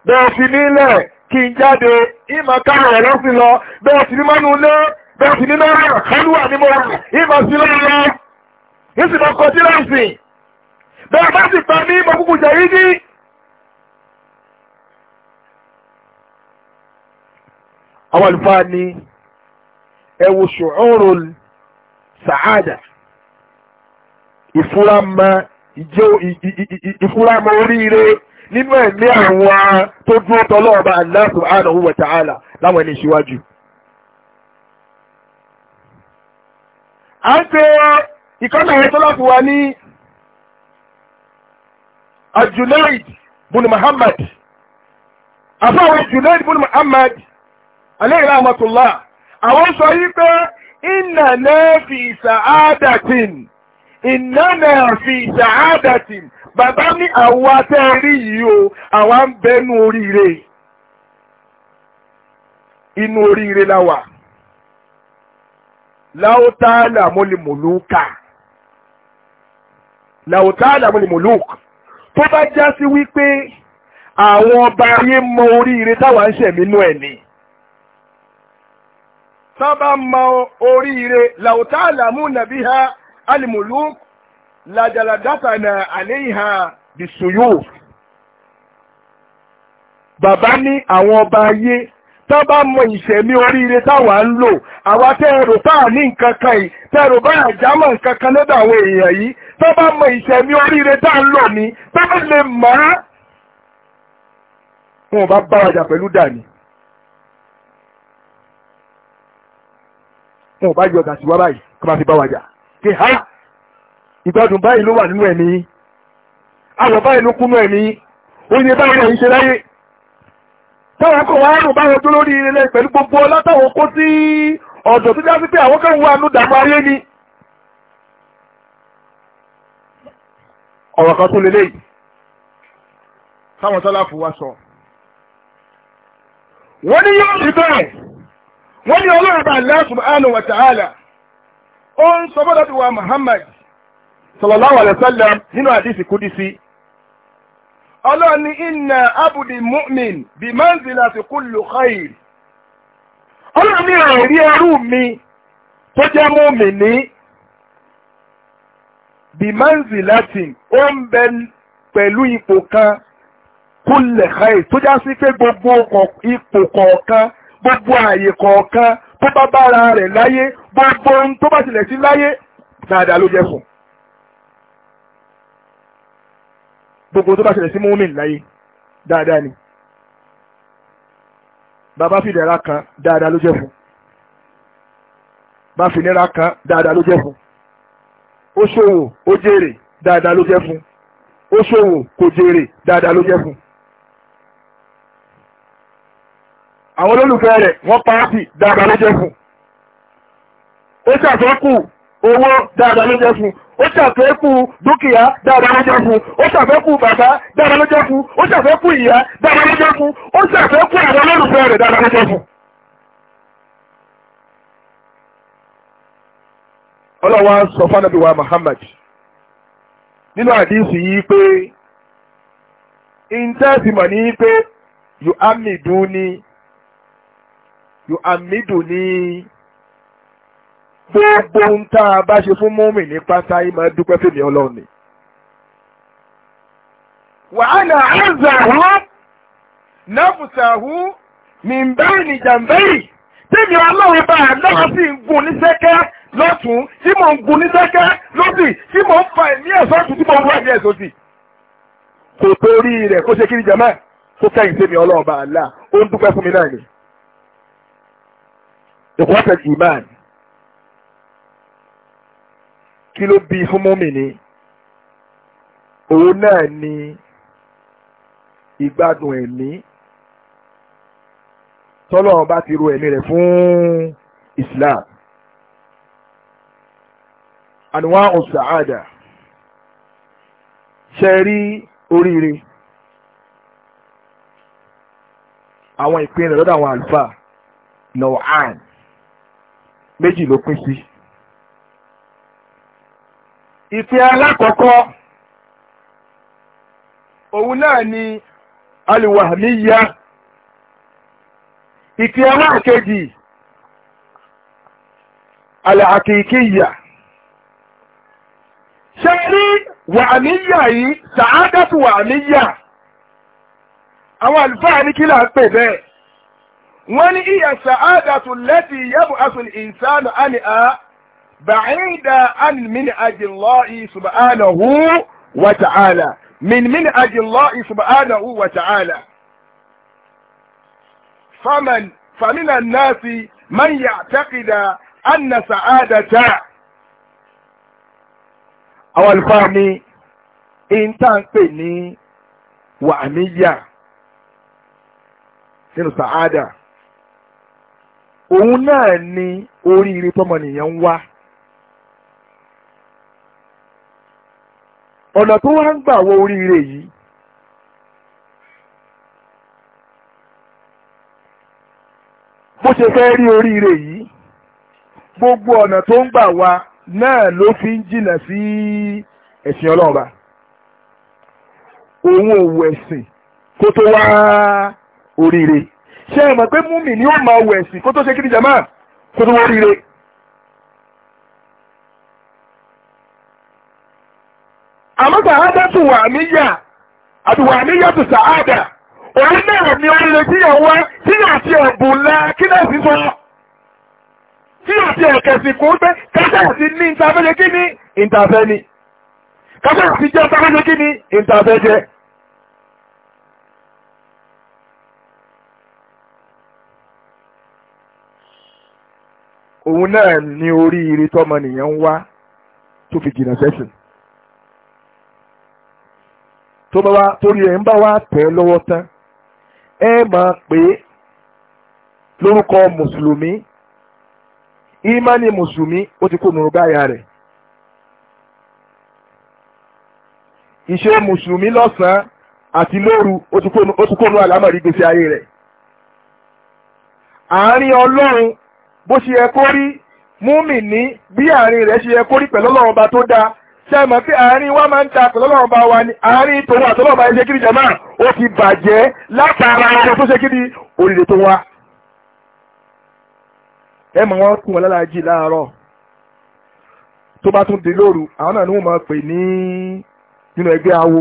bẹ́ẹ̀ fi nílẹ̀ kí n jáde ìmọ̀ káàrọ̀ rẹ̀ lọ́sìn lọ bẹ́ẹ̀ sì ní mọ́nú ilé bẹ́ẹ̀ sì ní náírà kálúwà ní mo rà ìmọ̀ sí lọ́rọ̀ lọ ní sì máa kọjú lẹ́sìn bẹ́ẹ̀ bá sì pa ní ìmọ̀ kúkú jẹ̀ ní. àwọn àlùfáà ní ẹ wo ṣùgbọ́n sàádà ìfúra máa ìjó ìfúramọ oríire nínú ẹ̀mí àwọn tó dúró tọlọ́ọ̀bá Allah subhanahu wa ta'ala láwọn ẹni ìṣíwájú. a ń pe ìkọ́nà ẹ̀tọ́ láti wà ní ajunaid bin muhammad àfọwọ́ junaid bin muhammad alayhi rahmatullah àwọn sọ yí pé inna náà fi sa'adatin ìnáná fi ṣàádàtì bàbá ní àwọn atẹ́rí yìí o àwa ń bẹnu oríire inú oríire la wà láwótáàlà mọ́lìmọ̀lúkà láwótáàlà mọ́lìmọ̀lúkà tó bá já sí wípé àwọn ọba ayé mọ oríire táwa ń ṣẹ̀mínú ẹ̀ ni tó bá mọ oríire láwótáàlà mú alimuluk lajaladasana aleha bisuyo. bàbá ní àwọn ọba ayé tó bá mọ ìṣẹ̀mí oríire táwa ń lò àwa tẹ́rù táà ní nǹkan kan yìí tẹ́rù bá àjámọ̀ nǹkan kan lọ́dọ̀ àwọn èèyàn yìí tó bá mọ ìṣẹ̀mí oríire táà ń lò ní tó bá lè mọ̀ á. wọn bá bá wàjà pẹ̀lú dàní. wọn bá yọ ọ̀gá sí wá báyìí kí wọ́n fi bá wàjà pé ha ìgbádùn báyìí ló wà nínú ẹ̀mí àwọ̀ báyìí ló kúnú ẹ̀mí oyin báyìí ẹ̀yìn ṣe láyé táwọn wá rùn báyìí tó lórí ilẹ̀ pẹ̀lú gbogbo látàwọn kó sí ọ̀dọ̀ tó jásí pé àwọn kan wà nù dàgbà ayé ni ọ̀rọ̀ kan tó lélẹ́yìí táwọn sálàfù wa sọ wọ́n ní yóò rí bẹ́ẹ̀ wọ́n ní ọlọ́run bá Allah subhanahu wa ta'ala ó ń sọ fọ́dọ̀ tí wa Muhammad sallallahu alaihi wasallam nínú àdìsí kúdísí ọlọ́run ní inna abudi mu'min bí manzilati kullu khair ọlọ́run ní ẹ̀rí ẹrú mi tó jẹ́ mu'min ní bí manzilati ó ń bẹ pẹ̀lú ipò kan kullu khair tó já sí pé gbogbo ipò kọ̀ọ̀kan gbogbo ààyè kọ̀ọ̀kan tó bá bára rẹ̀ láyé gbogbo ohun tó bá tilẹ̀ sí láyé dáadáa ló jẹ́ fún gbogbo tó bá tilẹ̀ sí mùmín láyé dáadáa ni bàbá fi dẹ̀ra kan dáadáa ló jẹ́ fún bá fi nira kan dáadáa ló jẹ́ fún ó ṣòwò ó jèrè dáadáa ló jẹ́ fún ó ṣòwò kò jèrè dáadáa ló jẹ́ fún. àwọn olólùfẹ́ rẹ̀ wọ́n pàápì dáadáa ló jẹ́ fún ó ṣàfẹ́kù owó dáadáa ló jẹ́ fún ó ṣàfẹ́kù dúkìá dáadáa ló jẹ́ fún ó ṣàfẹ́kù bàbá dáadáa ló jẹ́ fún ó ṣàfẹ́kù ìyá dáadáa ló jẹ́ fún ó ṣàfẹ́kù àwọn olólùfẹ́ rẹ̀ dáadáa ló jẹ́ fún. ọlọ́wọ́ sọ fánàbí Muhammad nínú àdísì yìí pé ìntẹ́sìmọ̀ ní pé yóò ámì dùn ní yóò amídù ní gbogbo ń tá a bá ṣe fún mọ́mì ní pátá yìí máa dúpẹ́ fèmí ọlọ́run ni. wàhálà àzàhù náfùsàhù mìmbáìnì jàǹbẹ́yì tèmi ọlọ́run bá àdáwọ̀ sí ń gun ní sẹ́kẹ́ lọ́tún tí mò ń gun ní sẹ́kẹ́ lọ́sì tí mò ń fa ẹ̀mí ẹ̀ sọ́tún tí mò ń wá ẹ̀mí ẹ̀ sọ́sì. kò torí rẹ̀ kó ṣe kí ni jàmá kó kẹ́yìn tèmi ọlọ́run bá àlá ó ń dúpẹ́ fún mi náà ni ìkọ́sẹ̀ ìmáàn kí ló bí fúnmọ́mì ni òun náà ni ìgbádùn ẹ̀mí tọ́lọ́run bá ti ro ẹ̀mí rẹ̀ fún Islam àníwá ọ̀sàádà ṣe rí oríire àwọn ìpín rẹ̀ lọ́dọ̀ àwọn àlùfáà nọ̀ọ́án méjì ló pín sí. ìfẹ́ alákọ̀ọ́kọ́ òun náà ni aliwahamiya ìfẹ́ alákejì alahakikiya ṣe rí wàmíyà yìí sàádàtù wàmíyà àwọn àlùfáà ní kí là ń pè bẹ́ẹ̀. wani wọ́n ní ìyà sàádàtù lẹ́tì yẹ́bù asùn ìsánù àníà bàáìdà àní mini subhanahu wa ta'ala min min mini àjìnlọ́ ìsùbáàlàhù wàtàálà. فمن فمن الناس من يعتقد أن سعادة àwọn àlùfáà ní pe ní wa wàhánìyà sinu sàádà. òun náà ni oríire tọmọnìyàn ń wá. ọ̀nà tó wá ń gbà wọ oríire yìí bó ṣe fẹ́ rí oríire yìí gbogbo ọ̀nà tó ń gbà wá náà ló fi ń jìnnà sí ẹ̀sìn ọlọ́ọ̀ba òun ò wẹ̀sìn kó tó wá oríire. ṣe é mọ̀ pé múmi ni ó máa wẹ̀ sí kó tó ṣe kí ni jàmáà kó tó wọ́n rire. àmọ́ sàádà tún wà níyà àti wà níyà tún sàádà òun náà ni ó lè kíyàn wá kíyàn àti ẹ̀bùn la kí náà sì sọ kíyàn àti ẹ̀kẹ̀sìn kò pé kásáàsì ní ìtafẹ́jẹ́ kí ni ìtafẹ́ ni kásáàsì jẹ́ ìtafẹ́jẹ́ kí ni ìtafẹ́jẹ́. òun náà ní oríire tọmọnìyàn ń wá tó fi jìnnà sẹ́sìn tó bá wá torí ẹ̀ bá wá tẹ̀ lọ́wọ́ tán ẹ máa pè é lórúkọ mùsùlùmí ìmánì mùsùlùmí ó ti kó nùrù rẹ̀ ìṣe mùsùlùmí lọ́sàn-án àti lóru ó ti kó nù àlámọ̀rí gbèsè ayé rẹ̀ àárín ọlọ́run bó ṣe yẹ kó rí múmi ní bí àárín rẹ̀ ṣe yẹ kó rí pẹ̀lú ọlọ́run ọba tó dáa ṣe é mọ̀ pé àárín wa máa ń ta pẹ̀lú ọlọ́run ọba wa ni àárín tòun àtọ́lọ́run ọba ẹ̀ṣẹ́ kiri jẹ̀mọ́ ó ti bàjẹ́ látara ọmọ tó ṣe kiri òrìlè tó wá. ẹ mọ̀ wọ́n kún wọn lára jì láàárọ̀ tó bá tún di lóru àwọn náà ni wọ́n máa pè ní nínú ẹgbẹ́ awo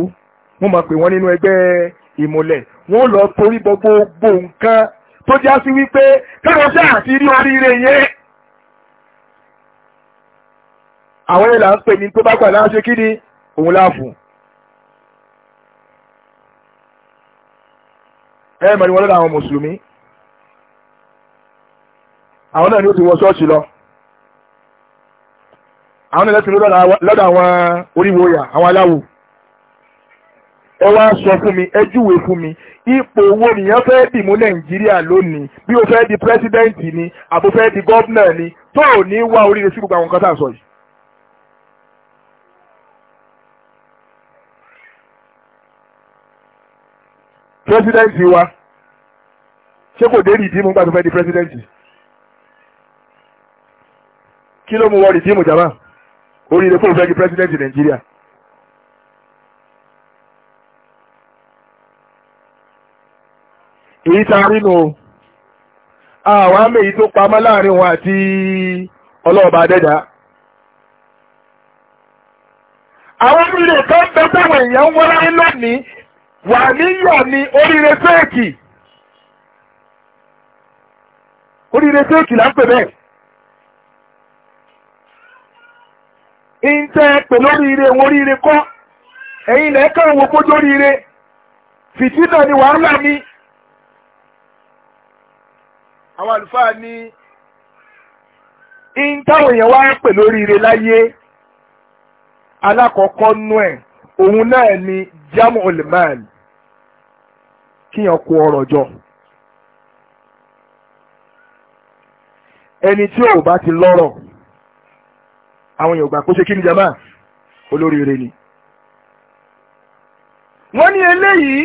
wọ́n máa pè wọ́n nínú ẹgbẹ́ ìmùlẹ̀ wọ́n lọ torí gbogbo nǹkan tó já sí wípé kẹ́rọ̀ sí àti rí oríire yẹn àwọn ìlà ń pè ní tó bá gbà láṣẹ kí ni òun láàfún ẹ mọ̀ wọ́n lọ́dọ̀ àwọn mùsùlùmí àwọn náà ni ó ti wọ ṣọ́ọ̀ṣì lọ àwọn náà lọ́dọ̀ àwọn oríwòyà àwọn aláwò ẹ wá sọ fún mi ẹ júwe fún mi ipò owó nìyẹn fẹ́ dì mú nàìjíríà lónìí bí o fẹ́ di pírẹsidẹ́ǹtì ni àbò fẹ́ di gọ́vnà ni tó ò ní wá oríire sí gbogbo àwọn nǹkan tá à ń sọ yìí. pírẹsidẹ́ǹtì wa ṣé kò dé rìdíìmù nígbà tó fẹ́ di pírẹsidẹ́ǹtì kí ló mú wọ rìdíìmù jàmá oríire kó o fẹ́ di pírẹsidẹ́ǹtì nàìjíríà. èyí tá a àwọn àmì èyí tó pamọ́ láàrin wọn àti ọlọ́ọ̀bà dẹ́dà àwọn oríire kan bẹ táwọn èèyàn ń wọ́n láyé lónìí wà níyà ni oríire fẹ́ẹ̀kì oríire fẹ́ẹ̀kì là pè bẹ́ẹ̀ ìntẹ́ pè lóríire wọn oríire kọ́ ẹ̀yin lẹ́ẹ̀kan wo kójú oríire fìtínà ni wàhálà àwọn àlùfáà ní in táwọn èèyàn wá ń pè lórí ire láyé alákọ̀ọ́kọ́ nú ẹ̀ òun náà ni jamu olùmọ́ọ̀lì kíyàn kó ọrọ̀ jọ. ẹni tí ò bá ti lọ́rọ̀ àwọn èèyàn gbà kó ṣe kí ni jama olóríire ni. wọ́n ní eléyìí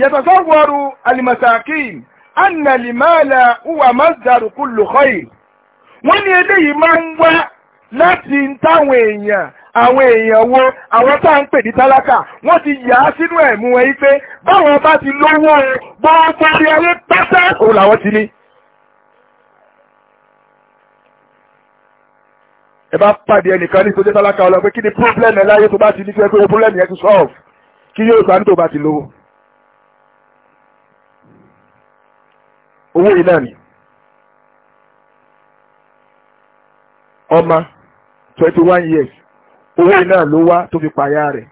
yàtọ̀ sọ́wọ́rù alimasakin anna limala huwa masdaru kullu khayr wọ́n ní eléyìí máa ń wá láti ń táwọn èèyàn àwọn èèyàn wo àwọn tá à ń pè ní tálákà wọ́n ti yà á sínú ẹ̀mú wọn yí pé báwọn bá ti lówó gbogbo orí ayé pátá òun làwọn ti ní. ẹ bá pàdé ẹnìkan ní sojẹ́ tálákà ọlọ́pẹ́ kí ni pírọ́blẹ́mù ẹ láyé tó bá ti ní fẹ́ pé pírọ́blẹ́mù yẹn ti sọ́ọ̀fù kí yóò sá ní tó ti lówó. owó yìí náà ni ọmọ twenty one years owó yìí náà ló wá tó fi pààyà rẹ̀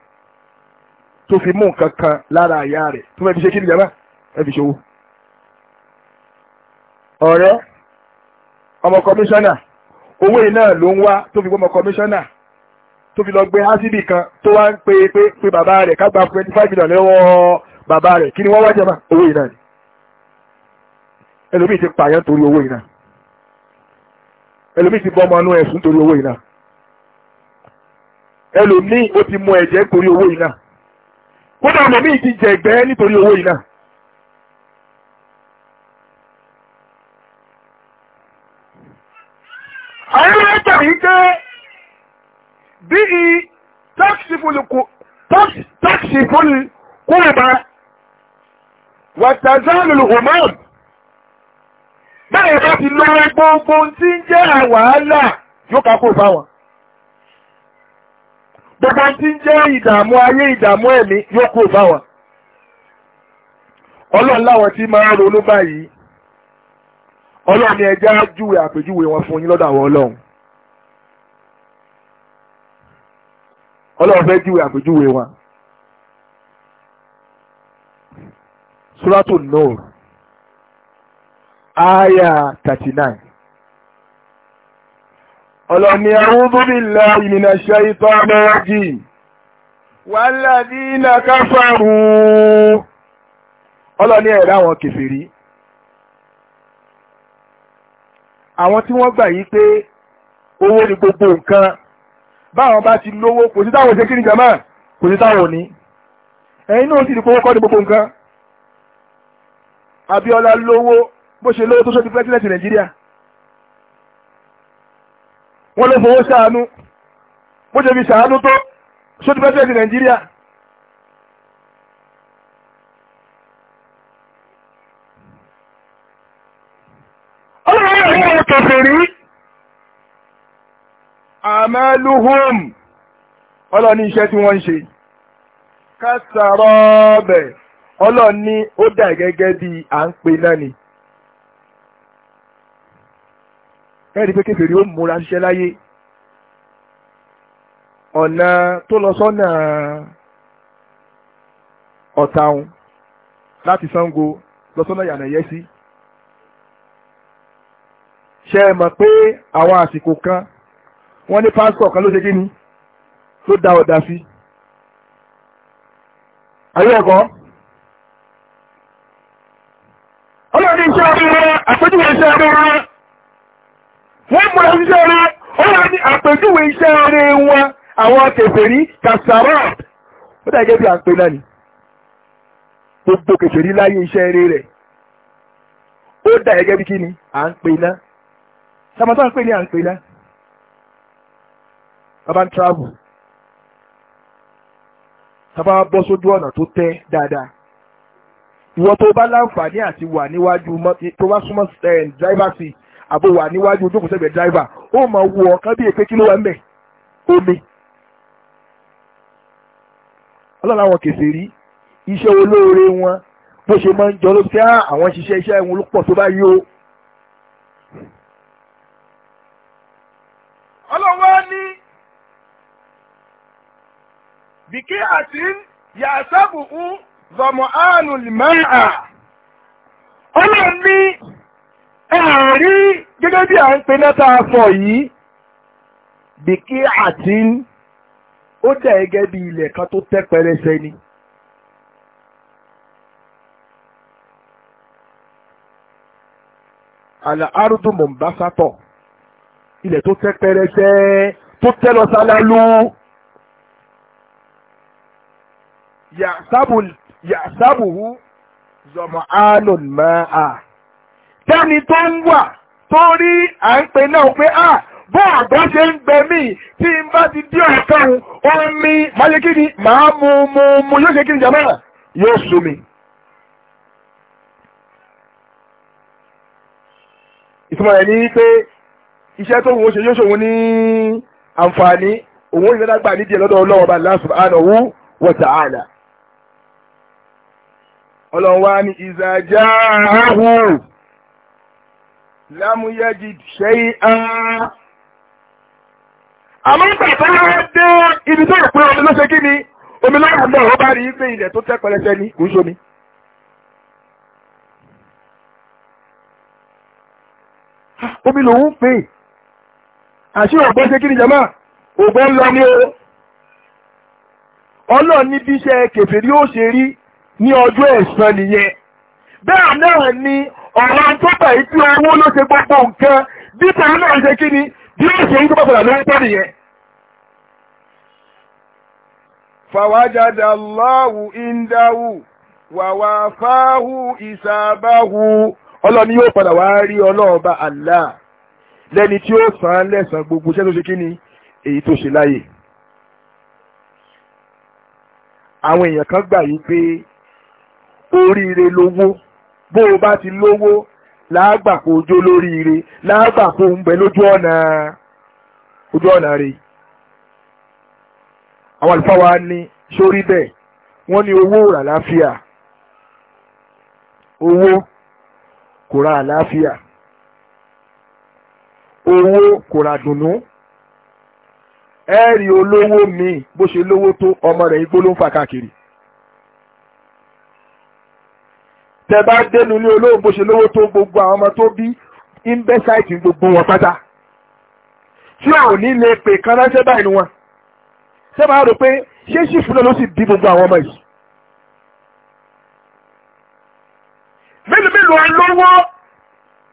tó fi mú nǹkan kan lára àyà rẹ̀ tó fẹ́ fi ṣe kí ni jàmbá ẹ fi ṣòwò. ọ̀rẹ́ ọmọ kọmíṣánná owó yìí náà ló ń wá tó fi gbọ́mọ kọmíṣánná tó fi lọ gbé ásíbì kan tó wá ń pe pé pé bàbá rẹ̀ ká gba twenty five million lọ́wọ́ bàbá rẹ̀ kí ni wọ́n wá jẹ́ owó yìí ni ẹlòmíì ti pààyàn torí owó yìí náà ẹlòmíì ti bọ́ ọmọ anú ẹ̀sùn torí owó yìí náà ẹlòmíì ó ti mú ẹ̀jẹ̀ torí owó yìí náà kódà ẹlòmíì ti jẹ̀gbẹ́ nítorí owó yìí náà. àwọn ẹ̀jẹ̀ yìí jẹ́ bí i bẹ́ẹ̀ bá ti lọ́wọ́ gbogbo tí ń jẹ́ àwàhálà yóò ká kó fáwọn gbogbo tí ń jẹ́ ìdààmú ayé ìdààmú ẹ̀mí yóò kó fáwọn ọlọ́run láwọn tí máa ń ronú báyìí ọlọ́run ni ẹja júwe àpèjúwe wọn fún yín lọ́dọ̀ àwọn ọlọ́run ọlọ́run fẹ́ júwe àpèjúwe wọn. Suratu Nur aya thirty nine. ọlọ́ni a'udhu billahi minash shaitani rajim walladhina kafaru ọlọ́ni ẹ̀rọ àwọn kèfèrí àwọn tí wọ́n gbà yí pé owó ni gbogbo nǹkan báwọn bá ti lówó kò sí táwọn ṣe kí ni jàmáà kò sí táwọn ní ẹ̀yin náà sì ní kówó kọ́ ni gbogbo nǹkan Abíọ́lá lówó bó ṣe lówó tó sọ di president nàìjíríà wọ́n ló fowó ṣàánú bó ṣe fi ṣàánú tó sọ di president nàìjíríà ọlọ́run yóò wọ́n kẹfẹ́ rí àmàlùhùm ọlọ́ni iṣẹ́ tí wọ́n ń ṣe kásàrọ́ọ̀bẹ̀ ọlọ́ni ó dà gẹ́gẹ́ bí à ń pe náà ni ẹ̀rí pé kèfèrí ó múra ṣiṣẹ́ láyé ọ̀nà tó lọ sọ́nà ọ̀tàun láti Ṣàngó lọ sọ́nà yànàyẹ́sí ṣe é mọ̀ pé àwọn àsìkò kan wọ́n ní pásítọ̀ kan ló ṣe kí ni tó da ọ̀dà sí ayé ẹ̀kọ́ ọlọ́run iṣẹ́ ọdún àpéjúwe iṣẹ́ ọdún wọ́n múra iṣẹ́ rẹ̀ ó wà ní àpèjúwe iṣẹ́ rẹ̀ wọn àwọn kèfèrí kasarat ó dàgẹ́ bí àpè náà ni gbogbo kèfèrí láyé iṣẹ́ rẹ̀ rẹ̀ ó dàgẹ́ bí kí ni à ń pè náà sàmọ́tà ń pè ní à ń pè náà bàbá ń travel tàbá bọ́ sójú ọ̀nà tó tẹ́ dáadáa ìwọ tó bá láǹfààní àti wà níwájú tó bá súnmọ́ eh, driver seat àbò wà níwájú ojú òkùnṣẹ́gbẹ̀ dráìvà ó mọ̀ wọ ọ̀kan bí èpè kí ló wà ń bẹ̀ omi. ọlọ́run àwọn kèsè rí iṣẹ́ olóore wọn bó ṣe máa ń jọ ló fẹ́ àwọn ṣiṣẹ́ iṣẹ́ wọn ló pọ̀ tó bá yí o. ọlọ́run ní bìkí àti yàtọ̀ bùkún zọmọ àánú lìmọ́ra ọlọ́run ní ẹ̀rí gẹ́gẹ́ bí à ń pe nẹ́ta afọ yìí bìkí àti ó dẹ̀ gẹ́gẹ́ bí ilẹ̀ kan tó tẹ́ pẹrẹsẹ ni. àlà arúgbó mọ̀nbásátọ̀ ilẹ̀ tó tẹ́ pẹrẹsẹ tó tẹ́ lọ sálálú. yàtsábùhù zọmọ ánùn máa tẹ́ni tó ń wà tó rí à ń pè náà pé à ah, bó àgbà ṣe ń gbẹ mí tí n bá ti dí ọ̀kan omi máa ṣe kí ni màá mu mu mu yóò ṣe kí ni jàmáà yóò sú mi. ìtumọ̀ rẹ̀ ní pé iṣẹ́ tó wọ́n ṣe yóò ṣòwò ní àǹfààní òun ìrẹ́dàgbà nídìí lọ́dọ̀ ọlọ́wọ́ bá Allah subhanahu wa ta'ala ọlọ́wọ́ ni ìzàjá ààrùn lámúyẹ́jì ṣe án. àmọ́ bàbá dé ibi tó rò pé omi ló ṣe kí ni omi lọ́rọ̀ náà ó bá rí i pé ilẹ̀ tó tẹ́ pẹlẹsẹ ní kò ń ṣomi. omi lòun pè àṣé ọ̀gbọ́n ṣe kí ni jama ọ̀gbọ́n ń lọ ní o ọlọ́ọ̀ níbi iṣẹ́ kèfèrí ó ṣe rí ní ọjọ́ ẹ̀san nìyẹn bẹ́ẹ̀ náà ni ọ̀la tó bẹ̀yí tí owó ló ṣe gbogbo nǹkan bí tẹ̀lé náà ṣe kí ni bí ó ṣe ń tó bàbàrà lórí tọ́ nìyẹn. fàwájàdà ìndáwù wàwà fáhù ìsàbáhù ọlọ́ni yóò padà wá rí ọlọ́ọ̀ba Allah lẹ́ni tí ó san án lẹ́san gbogbo iṣẹ́ tó ṣe kí ni èyí tó ṣe láyè. àwọn èèyàn kan gbà yí pé oríire lówó. bó o bá ti lówó láàgbà kó o jó lóríire láàgbà kó o ń bẹ lójú ọ̀nà ojú ọ̀nà rè àwọn àlùfáà wa ní sórí bẹ́ẹ̀ wọ́n ní owó rà láfíà owó kò ra àláfíà owó kò ra dùnú ẹ̀rí olówó mi bó ṣe lówó tó ọmọ rẹ̀ igbó ló ń fà káàkiri. tẹ bá dénú ní olóhùn bó ṣe lówó tó gbogbo àwọn ọmọ tó bí ìmbẹ́sáìtì gbogbo wọn pátá tí ò ní lè pè kan ránṣẹ́ báyìí ni wọn ṣé máa rò pé ṣé ṣìfún náà ló sì bí gbogbo àwọn ọmọ yìí. mélòó mélòó alówó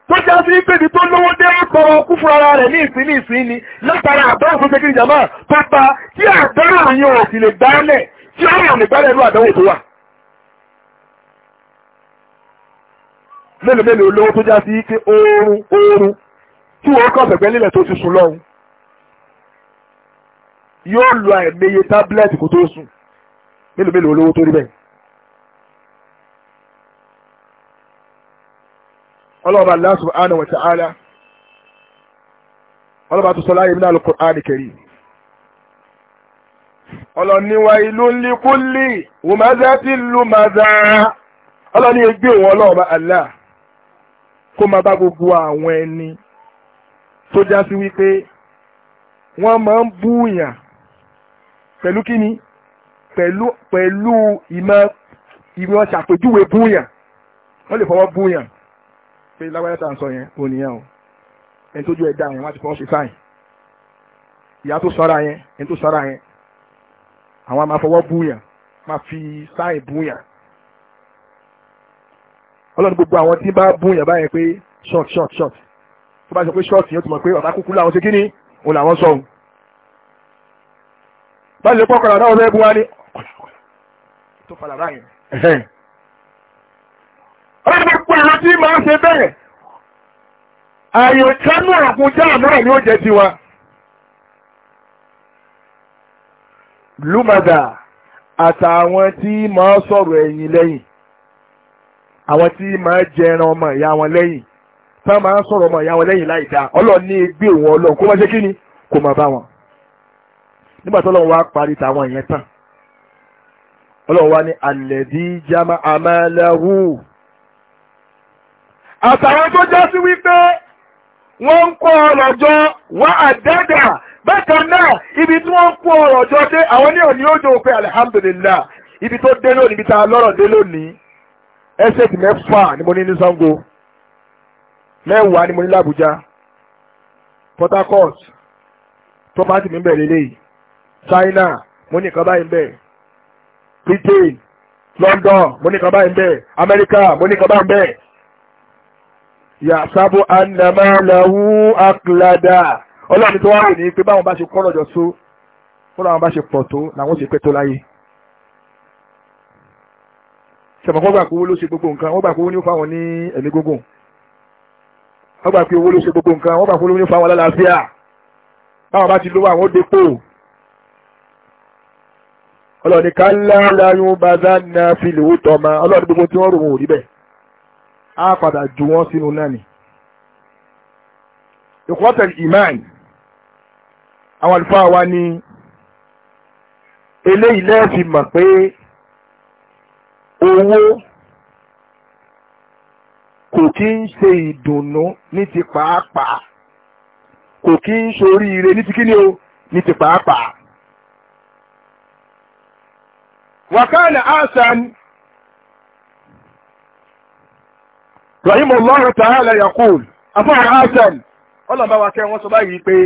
tó já sí pé ibi tó lówó dé ó kú fún ara rẹ̀ ní ìsín ní ìsín ni látara àbẹ́rẹ́ fún ṣe kiri jàmáà tó pa tí àbẹ́rẹ́ àyàn ò sì lè gbálẹ̀ tí ó yàn lè mélòó mélòó olówó tó já sí pé oorun oorun tí wọ́n kọ́ bẹ̀gbẹ́ nílẹ̀ tó ti sùn lọ́hùn yóò lo àìmeye tábìlẹ̀tì kó tó sùn mélòó mélòó olówó tó rí bẹ́ẹ̀. ọlọ́ọ̀bà Allah subhanahu wa ta'ala ọlọ́ọ̀bà tó sọ láàyè nínú al-Qur'an al ọlọ́niwa ìlú ńlíkúlì wùmázá ti lùmázá ọlọ́ni ẹgbẹ́ wọn ọlọ́ọ̀bà Allah kó máa bá gbogbo àwọn ẹni tó já sí wípé wọ́n máa ń búyàn pẹ̀lú kíni pẹ̀lú pẹ̀lú ìmọ̀ ìmọ̀ ṣàpèjúwe búyàn wọ́n lè fọwọ́ búyàn pé lágbájá tá à ń sọ yẹn ò nìyẹn o ẹni tó ju ẹ̀dá yẹn wọ́n ti fọwọ́ ṣe sáyìn ìyá tó sọ́ra yẹn ẹni tó sọ́ra yẹn àwọn máa fọwọ́ búyàn máa fi sáyìn búyàn ọlọ́run gbogbo àwọn tí bá bún yàrá yẹn pé short short short tó bá sọ pé short yẹn tó mọ̀ pé bàbá kúkú làwọn ṣe kíni òun làwọn sọ òun. báyìí lópọ̀ kọ̀ọ̀rọ̀ náà fẹ́ bu wa ní ọ̀kọ̀lọ̀kọ̀lọ̀ tó falà ráyìn. ọlọ́run gbogbo àwọn tí máa ń ṣe bẹ́ẹ̀ àyòkánú àkújá àmúrà ni ó jẹ tiwa. lùmàdà àtàwọn tí máa sọ̀rọ̀ ẹ̀yìn lẹ́yìn àwọn tí máa jẹ ẹran ọmọ ìyá wọn lẹ́yìn tí wọ́n máa ń sọ̀rọ̀ ọmọ ìyá wọn lẹ́yìn láì dáa ọlọ́run ní egbé òun ọlọ́run kó má ṣe kí ni kó má bá wọn. nígbà tó ọlọ́run wá parí tàwọn ìyẹn tán ọlọ́run wá ní alẹ́dí jama amalahu. àtàwọn tó já sí wípé wọ́n ń kó ọrọ̀ jọ wá àdáda bákan náà ibi tí wọ́n ń kó ọrọ̀ jọ dé àwọn ní òní ó dòwò pé alihamudulilayi ibi tó dé lónìí ibi tá a lọ́rọ̀ dé lónìí ẹsẹ̀tì mẹ́fà ni mo ní ní Ṣàngó mẹ́wàá ni mo ní làbújá Port Harcourt property mi ń bẹ̀ China mo ní nǹkan báyìí ń Britain London mo ní nǹkan báyìí ń America mo ní nǹkan báyìí ń bẹ̀ yàtàbọ̀ anamalawu akilada ọlọ́run tó wá rè ní pé báwọn bá ṣe kọ́ lọ́jọ́ só báwọn bá ṣe pọ̀ tó làwọn ò ṣe pẹ́ tó láyé sẹ̀mọ̀ kọ́ gbà pé owó ló ṣe gbogbo nǹkan wọ́n gbà pé owó ní ó fáwọn ní ẹ̀mí gógùn wọ́n gbà pé owó ló ṣe gbogbo nǹkan wọ́n gbà pé owó ní ó fáwọn lálàáfíà báwọn bá ti lówó àwọn ó ọlọ́ni kálá láyún bá dáná fi lè wó tọ́mà ọlọ́ni gbogbo tí wọ́n rò wọn rí bẹ́ẹ̀ owó kò kí ń ṣe ìdùnnú ní ti pàápàá kò kí ń ṣoríire ní ti ni o ní ti pàápàá. wakana hasan rahim allah ta'ala yaqul afar hasan ọlọ́run wa kẹ́ wọ́n sọ báyìí pé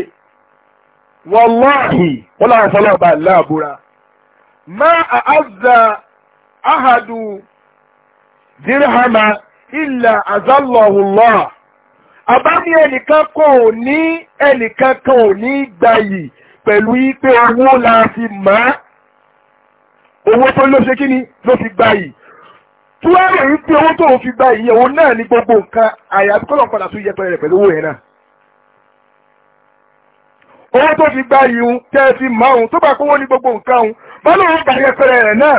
wàláhì ọlọ́run fọlọ́ọ̀bà láàbúra máa ahadu dirhama illa azallahu Allah àbá ní ẹnìkan kò ní ẹnìkan kan ò ní gbayì pẹ̀lú ipe owó la fi mọ́ owó tó ló ṣe kíni ló fi gbayì tí wọ́n rẹ̀ wípé owó tó fi gbayì yẹn òun náà ní gbogbo nǹkan àyàfi kọ́lọ̀ padà tún yẹpẹrẹ rẹ̀ pẹ̀lú owó yẹn náà owó tó fi gbayì ń tẹ́ fi mọ́ òun tó bá kówó ní gbogbo nǹkan òun bọ́lá òun gbà yẹpẹrẹ rẹ̀ náà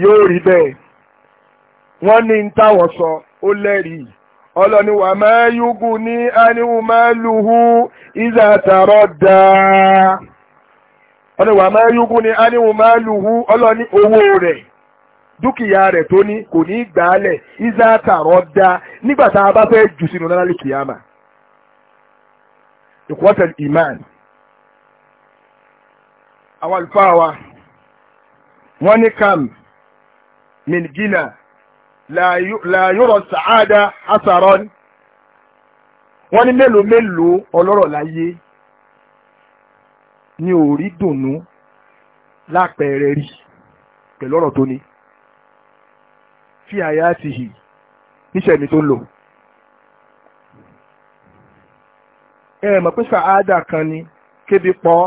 yóò rí bẹ́ẹ̀ wọ́n ní ń táwọn sọ ó lẹ́rìí ọlọ́ni wà máa yúgù ní ánìwò máa lùhú ìzà àtàrọ̀ dáa ọlọ́ni wà máa yúgù ní ánìwò máa lùhú ọlọ́ni owó rẹ̀ dúkìá rẹ̀ tó ní kò ní gbàálẹ̀ ìzà àtàrọ̀ dáa nígbà tá a bá fẹ́ jù sínú lálẹ́ kìyàmà ìkọ́tẹ̀ iman àwọn àlùfáà wa wọ́n ní kàmù min gina la yọrọ sàádà asàrọ wọn ní mélòó mélòó ọlọ́rọ̀ láyé ni ò rí dùnnú lápẹẹrẹ rí pẹ̀lú ọ̀rọ̀ tó ní fi àyà ti hì níṣẹ́ mi tó lò ẹ mọ̀ pé sàádà kan ni kébi pọ̀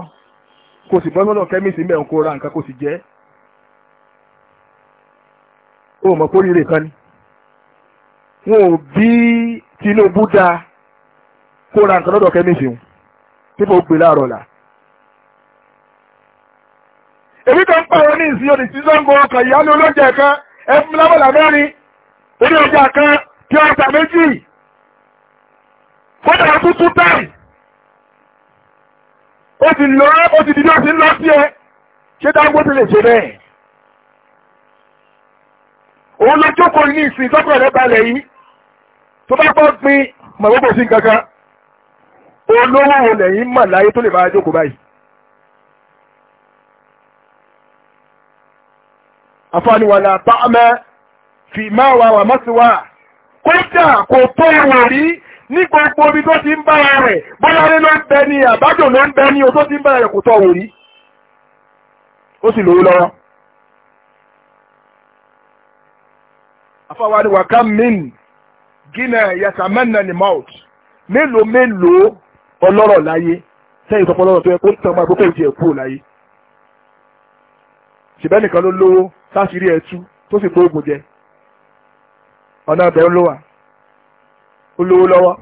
kò sì bọ́ lọ́dọ̀ kẹ́míìsì mẹ́rin kó ra nǹkan kò sì jẹ́ o mọ̀ kórìíre kan ni wọn ò bí Tinubu dáa kó ra nǹkan lọ́dọ̀ kẹ́míìsì wọn tí mo gbé láàárọ̀ là. èmi kan pààrọ̀ ní ìsìn òdì tí sọ́ńgbọ ọkọ̀ ìyáálé olóúnjẹ kan ẹ̀fún lábàlà mẹ́rin orí ọjà kan kí ọjà méjì kódà tuntun táì ó ti lọ ó ti di bí ó ti ń lọ sí ẹ ṣé dáńgó ti lè ṣe bẹ́ẹ̀ òun ló jókòó ní ìsìn tọ́kọ̀ rẹ̀ balẹ̀ yìí tó bá gbọ́ gbin mọ̀gbọ́gbọ́ sí kankan olówó olè yìí mọ̀ láyé tó lè bá jókòó báyìí. àfààní wà láàbá ọmọ fi máa wà wà mọ́sí wà kódà kò tó wò rí ní gbogbo ibi tó ti ń bára rẹ̀ bóyá ní ló ń bẹ ní àbájò ló ń bẹ ní o tó ti ń bára rẹ̀ kò tó wò rí ó sì lówó lọ́wọ́. afáwárí wa ká min gínà yasamẹ́nà ní mouth mélòó mélòó ọlọ́rọ̀ láyé sẹ́yìn tọ́pọ̀ lọ́rọ̀ tó yẹ kó ń tàn máa gbókòó tiẹ̀ kúrò láyé ṣùgbọ́n nìkan ló lówó sáṣírí ẹ̀ tú tó sì gbóògùn jẹ ọ̀nà ọ̀bẹ̀ ńlọ́wà ó lówó lọ́wọ́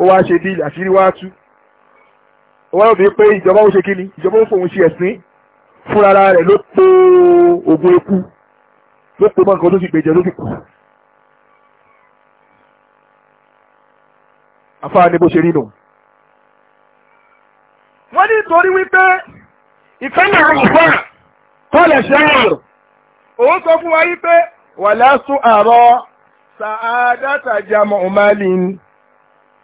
ó wá ṣe díìlì àṣírí wá tú ó wá lóbi pé ìjọba ó ṣe kí ni ìjọba ó fòun ṣe ẹ̀sìn fúnra rẹ̀ ló po ògùn eku ló pè mọ́ nǹkan tó sì pè jẹ ló sì kù. afáà ni bó ṣe rí nù. wọ́n ní torí wípé ìfẹ́ náà wà kọ́lẹ̀ ṣáàrù. òun sọ fún wa wípé wàlá sún àárọ̀ sàádàtà jamu umalin.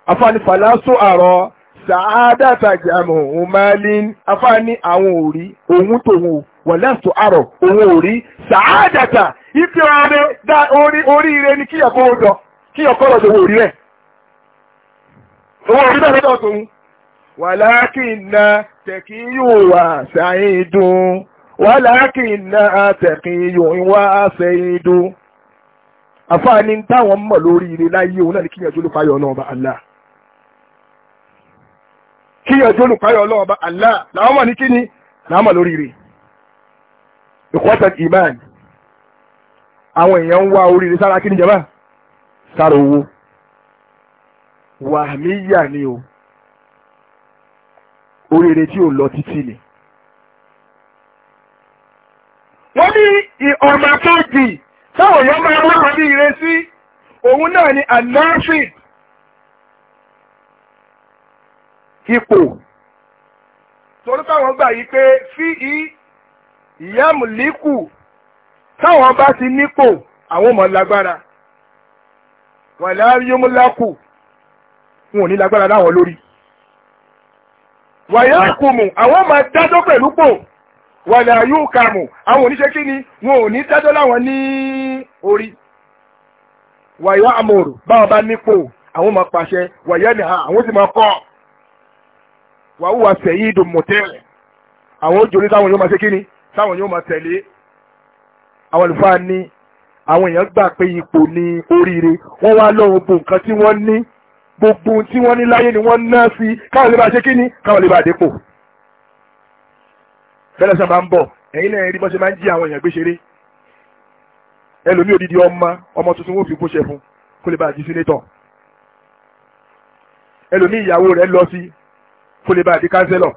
afáàní ni sún àárọ̀ sàádàtà jamu umalin. afáàní àwọn ò òun tòun wàlá sún àárọ̀ òun ò sàádàtà ife ọrẹ dá oríire ni kíyàkó ọdọ kíyàkó ọdọ owó orí rẹ̀ owó orí bẹ́ẹ̀ lọ́dọ̀ tòun. wàlákìnnà Walakina yóò wà ṣàìdùn wàlákìnnà wà ṣàìdùn. àfààní táwọn ni kíyànjú olùpayọ̀ ọlọ́ọ̀bà Allah. kíyànjú olùpayọ̀ làwọn mọ ní kíni làwọn ìkọ́tà ìmáàni. àwọn èèyàn ń wá oríire sára kí ni jẹba sára owó wàhálíyà ni o oríire tí ò lọ títí ni. wọ́n ní ọ̀nà tó dì táwọn èèyàn máa wá wọn ní ire sí òun náà ni anafid ipò torí táwọn gbà yí pé fi ìyá mùlíkù táwọn bá ti nípò àwọn ọmọ lágbára wà láyémúlákù wọn ò ní lágbára láwọn lórí wàyà kùmù àwọn ọmọ dájọ́ pẹ̀lú pò wà láyú kàmù àwọn oníṣẹ́ kí ni wọn ò ní dájọ́ láwọn ní orí wàyà amòrò báwọn bá nípò àwọn ọmọ pàṣẹ wàyà nìha àwọn sì máa kọ́ wàhùwà sẹ̀yìn ìdùnmọ̀tẹ́rẹ̀ àwọn ojú orí táwọn yóò máa ṣe kí ni táwọn yóò máa tẹ̀lé àwọn àlùfáà ní àwọn èèyàn gbà pé ipò ní oríire wọ́n wá lọ́wọ́ bo nǹkan tí wọ́n ní gbogbo tí wọ́n ní láyé ni wọ́n ná sí káwọn lè bá ṣe kíni káwọn lè bá dépò. bẹ́ẹ̀ lọ́sàn máa ń bọ̀ ẹ̀yin náà rí bọ́n ṣe máa ń jí àwọn èèyàn gbé ṣeré ẹlòmíì òdìdí ọmọ ọmọ tuntun wọ́n fi kó ṣẹ fún kó lè bá di sínétọ̀ ẹlòmíì ìyàwó rẹ̀ lọ sí kó lè bá di kánsẹ́lọ̀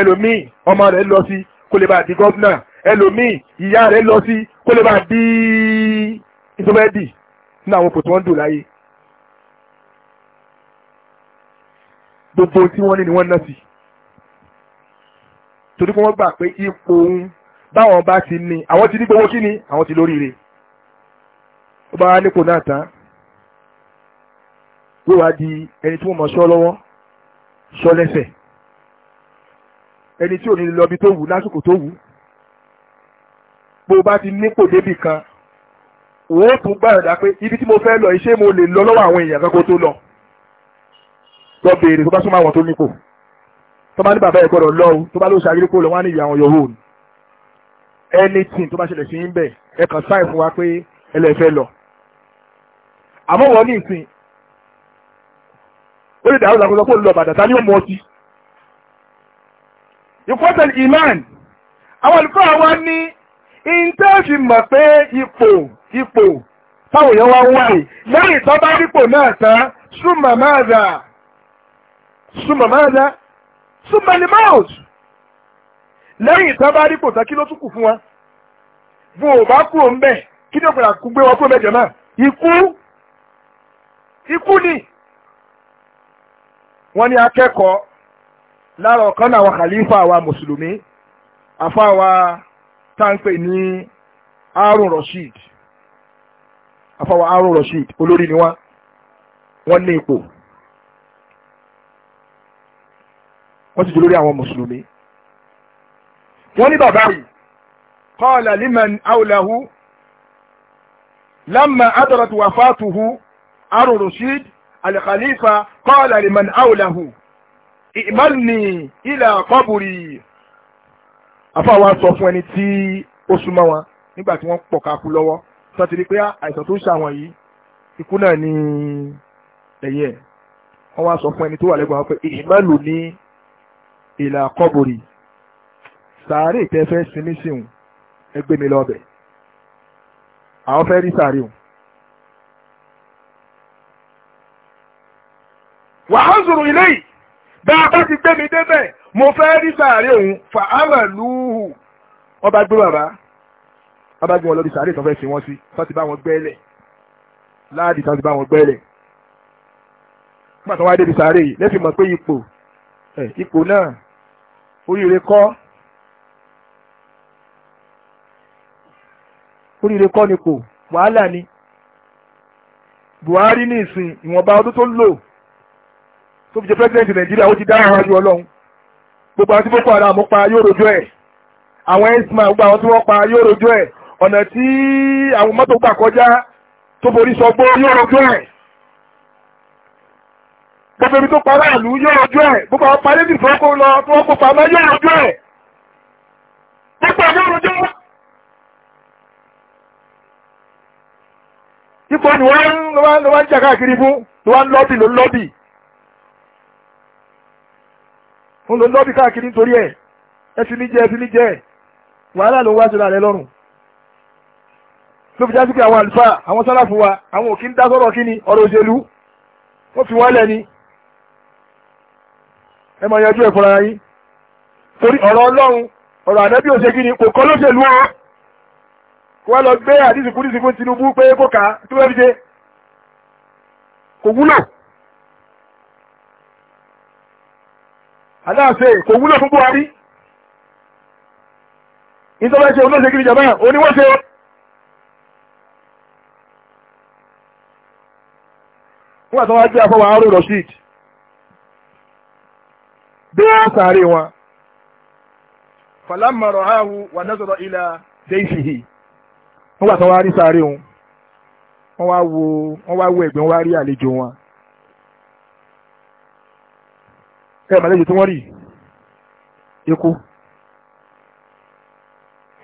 ẹlòmíì ọmọ rẹ̀ lọ sí kó lè bá di gọ́fúnà ẹlòmíì ìyá rẹ̀ lọ sí kó lè máa bí ìtọ́mẹ́dì nínú àwọn kò tí wọ́n ń dùn láyé. gbogbo tí wọ́n ní ni wọ́n ná sí torí pé wọ́n gbà pé ipò òun báwọn bá ti ní àwọn ti ní gbogbo kí ni àwọn ti lóríire ó bá wá nípò náà tán yóò wá di ẹni tí wọ́n mọ̀ ṣọ́ lọ́wọ́ ṣọ́ lẹ́sẹ̀ ẹni tí ò ní lọ bí tó wù lásìkò tó wù bó bá ti nípò débì kan wọ́n ó tún gbàyànjá pé ibi tí mo fẹ́ lọ iṣẹ́ mo lè lọ lọ́wọ́ àwọn èèyàn kan kó tó lọ lọ béèrè tó bá súnmọ́ àwọn tó nípò tó bá ní bàbá ẹ̀ gbọ́dọ̀ lọ o tó bá ló ṣàgírí kó lọ wọ́n ní ìyá yòówù ni anything tó bá ṣẹlẹ̀ sí ń bẹ̀ ẹ kàn sáì fún wa pé ẹlẹ́fẹ́ lọ àmọ́ wọ́n ní ìsìn ó lè dàrú làkúnṣe kó lọ bàtà ta ni ó mú ọtí ìkọ́sẹ̀ iman àwọn olùkọ́ àwa ní ìǹtẹ́ fi mọ̀ pé ipò ipò táwọn èèyàn wá ń wáyé lẹ́yìn tó bá dípò náà tán súnmọ̀ máa dà súnmọ̀ máa dà súnmọ̀ ní mouth lẹ́yìn tó bá dípò tán kí ló tún kù fún wa bó o bá kúrò ń bẹ̀ kí ni òpèrè àkúgbé wọn kúrò mẹ́jọ náà ikú ikú ni wọ́n ní akẹ́kọ̀ọ́ lára ọ̀kan náà àwọn khalifa àwa mùsùlùmí àfa àwa tá ń pè ní Harun Rashid afáwọn Harun Rashid olórí ni wọ́n wọ́n ní ipò wọ́n sì jẹ́ lórí àwọn mùsùlùmí wọ́n ní bàbá yìí qala liman awlahu lamma adarat wafatuhu Harun Rashid al-Khalifa qala liman awlahu i'malni ila qabri àfáà wa sọ fún ẹni tí ó súnmọ́ wọn nígbà tí wọ́n pọ̀ káku lọ́wọ́ tó ti rí pé àìsàn tó ń ṣàwọn yìí ikú náà ni ẹ̀yìn ẹ̀ wọ́n wá sọ fún ẹni tó wà lẹ́gbọ̀n wọn pé ìmọ̀lù ní ìlà kọ́bùrì sàárè tẹ́ fẹ́ sinmi síhùn ẹgbẹ́ mi lọ́bẹ̀ àwọn fẹ́ rí sàárè hùn. wàhálà sọ̀rọ̀ ilé yìí bá a bá ti gbé mi débẹ̀ mo fẹ́ rí sàárè òun fa amaluhu ọba gbé bàbá ọba gbé wọn lọ́dún sàárè tó fẹ́ ṣe wọ́n sí tó ti bá wọn gbẹ́lẹ̀ láàdì tó ti bá wọn gbẹ́lẹ̀ nígbà tó wá débi sàárè yìí lẹ́sìn mọ̀ pé ipò ipò náà oríire kọ́ oríire kọ́ ni kò wàhálà ni Buhari ní ìsìn ìwọ̀nba ọdún tó ń lò tó fi jẹ pẹ́sidẹ́ntì Nàìjíríà ó ti dá àwọn àjọ Ọlọ́run gbogbo àti boko haram pa yóò rojú ẹ̀ àwọn ẹ́sìmá gbogbo àwọn tí wọ́n pa yóò rojú ẹ̀ ọ̀nà tí àwọn mọ́tò gbà kọjá tó borí sọgbó yóò rojú ẹ̀ gbogbo ibi tó pará ìlú yóò rojú ẹ̀ gbogbo àwọn parí ní ìfọ́kó lọ tí wọ́n kó pamọ́ yóò rojú ẹ̀ gbogbo àwọn rojú ẹ̀. ipò ni wọ́n ń jà káàkiri fún ni wọ́n ń lọ́bì ló ń lọ́bì ń lo lọ́bì káàkiri nítorí ẹ̀ ẹ fi mí jẹ ẹ fi mí jẹ wàhálà ló ń wá síra rẹ lọ́rùn ló fi já sí pé àwọn àlùfáà àwọn sálàfù wa àwọn òkè ń dá sọ̀rọ̀ kí ni ọ̀rọ̀ òṣèlú wọ́n fi wọ́n lẹ̀ ni ẹ máa yanjú ẹ̀ fúnra yín torí ọ̀rọ̀ ọlọ́run ọ̀rọ̀ ànábì òṣèlú ni kò kọ́ lóṣèlú o kó wá lọ gbé àdìsíkú dìsíkú Tinubu pé kó kà á tó wẹ́ẹ́ fi ṣe kò wúlò. aláàfẹ́ kò wúlò fún Buhari ìjọba ṣe olóṣè kiri jàmbá oníwọ́ṣe wọ́n àtọ́wọ́ jẹ́ afọ́wà aró Rashid bí wọ́n sáré wọn fàlámàrọ̀ áhù wà nẹ́sọ̀rọ̀ ilà déṣìhì wọ́n àtọ́wọ́ rí sáré wọn wọ́n wá wo ẹ̀gbẹ́ wọ́n wá rí àlejò wọn kẹ́ ìmọ̀lẹ́jì tí wọ́n rí ikú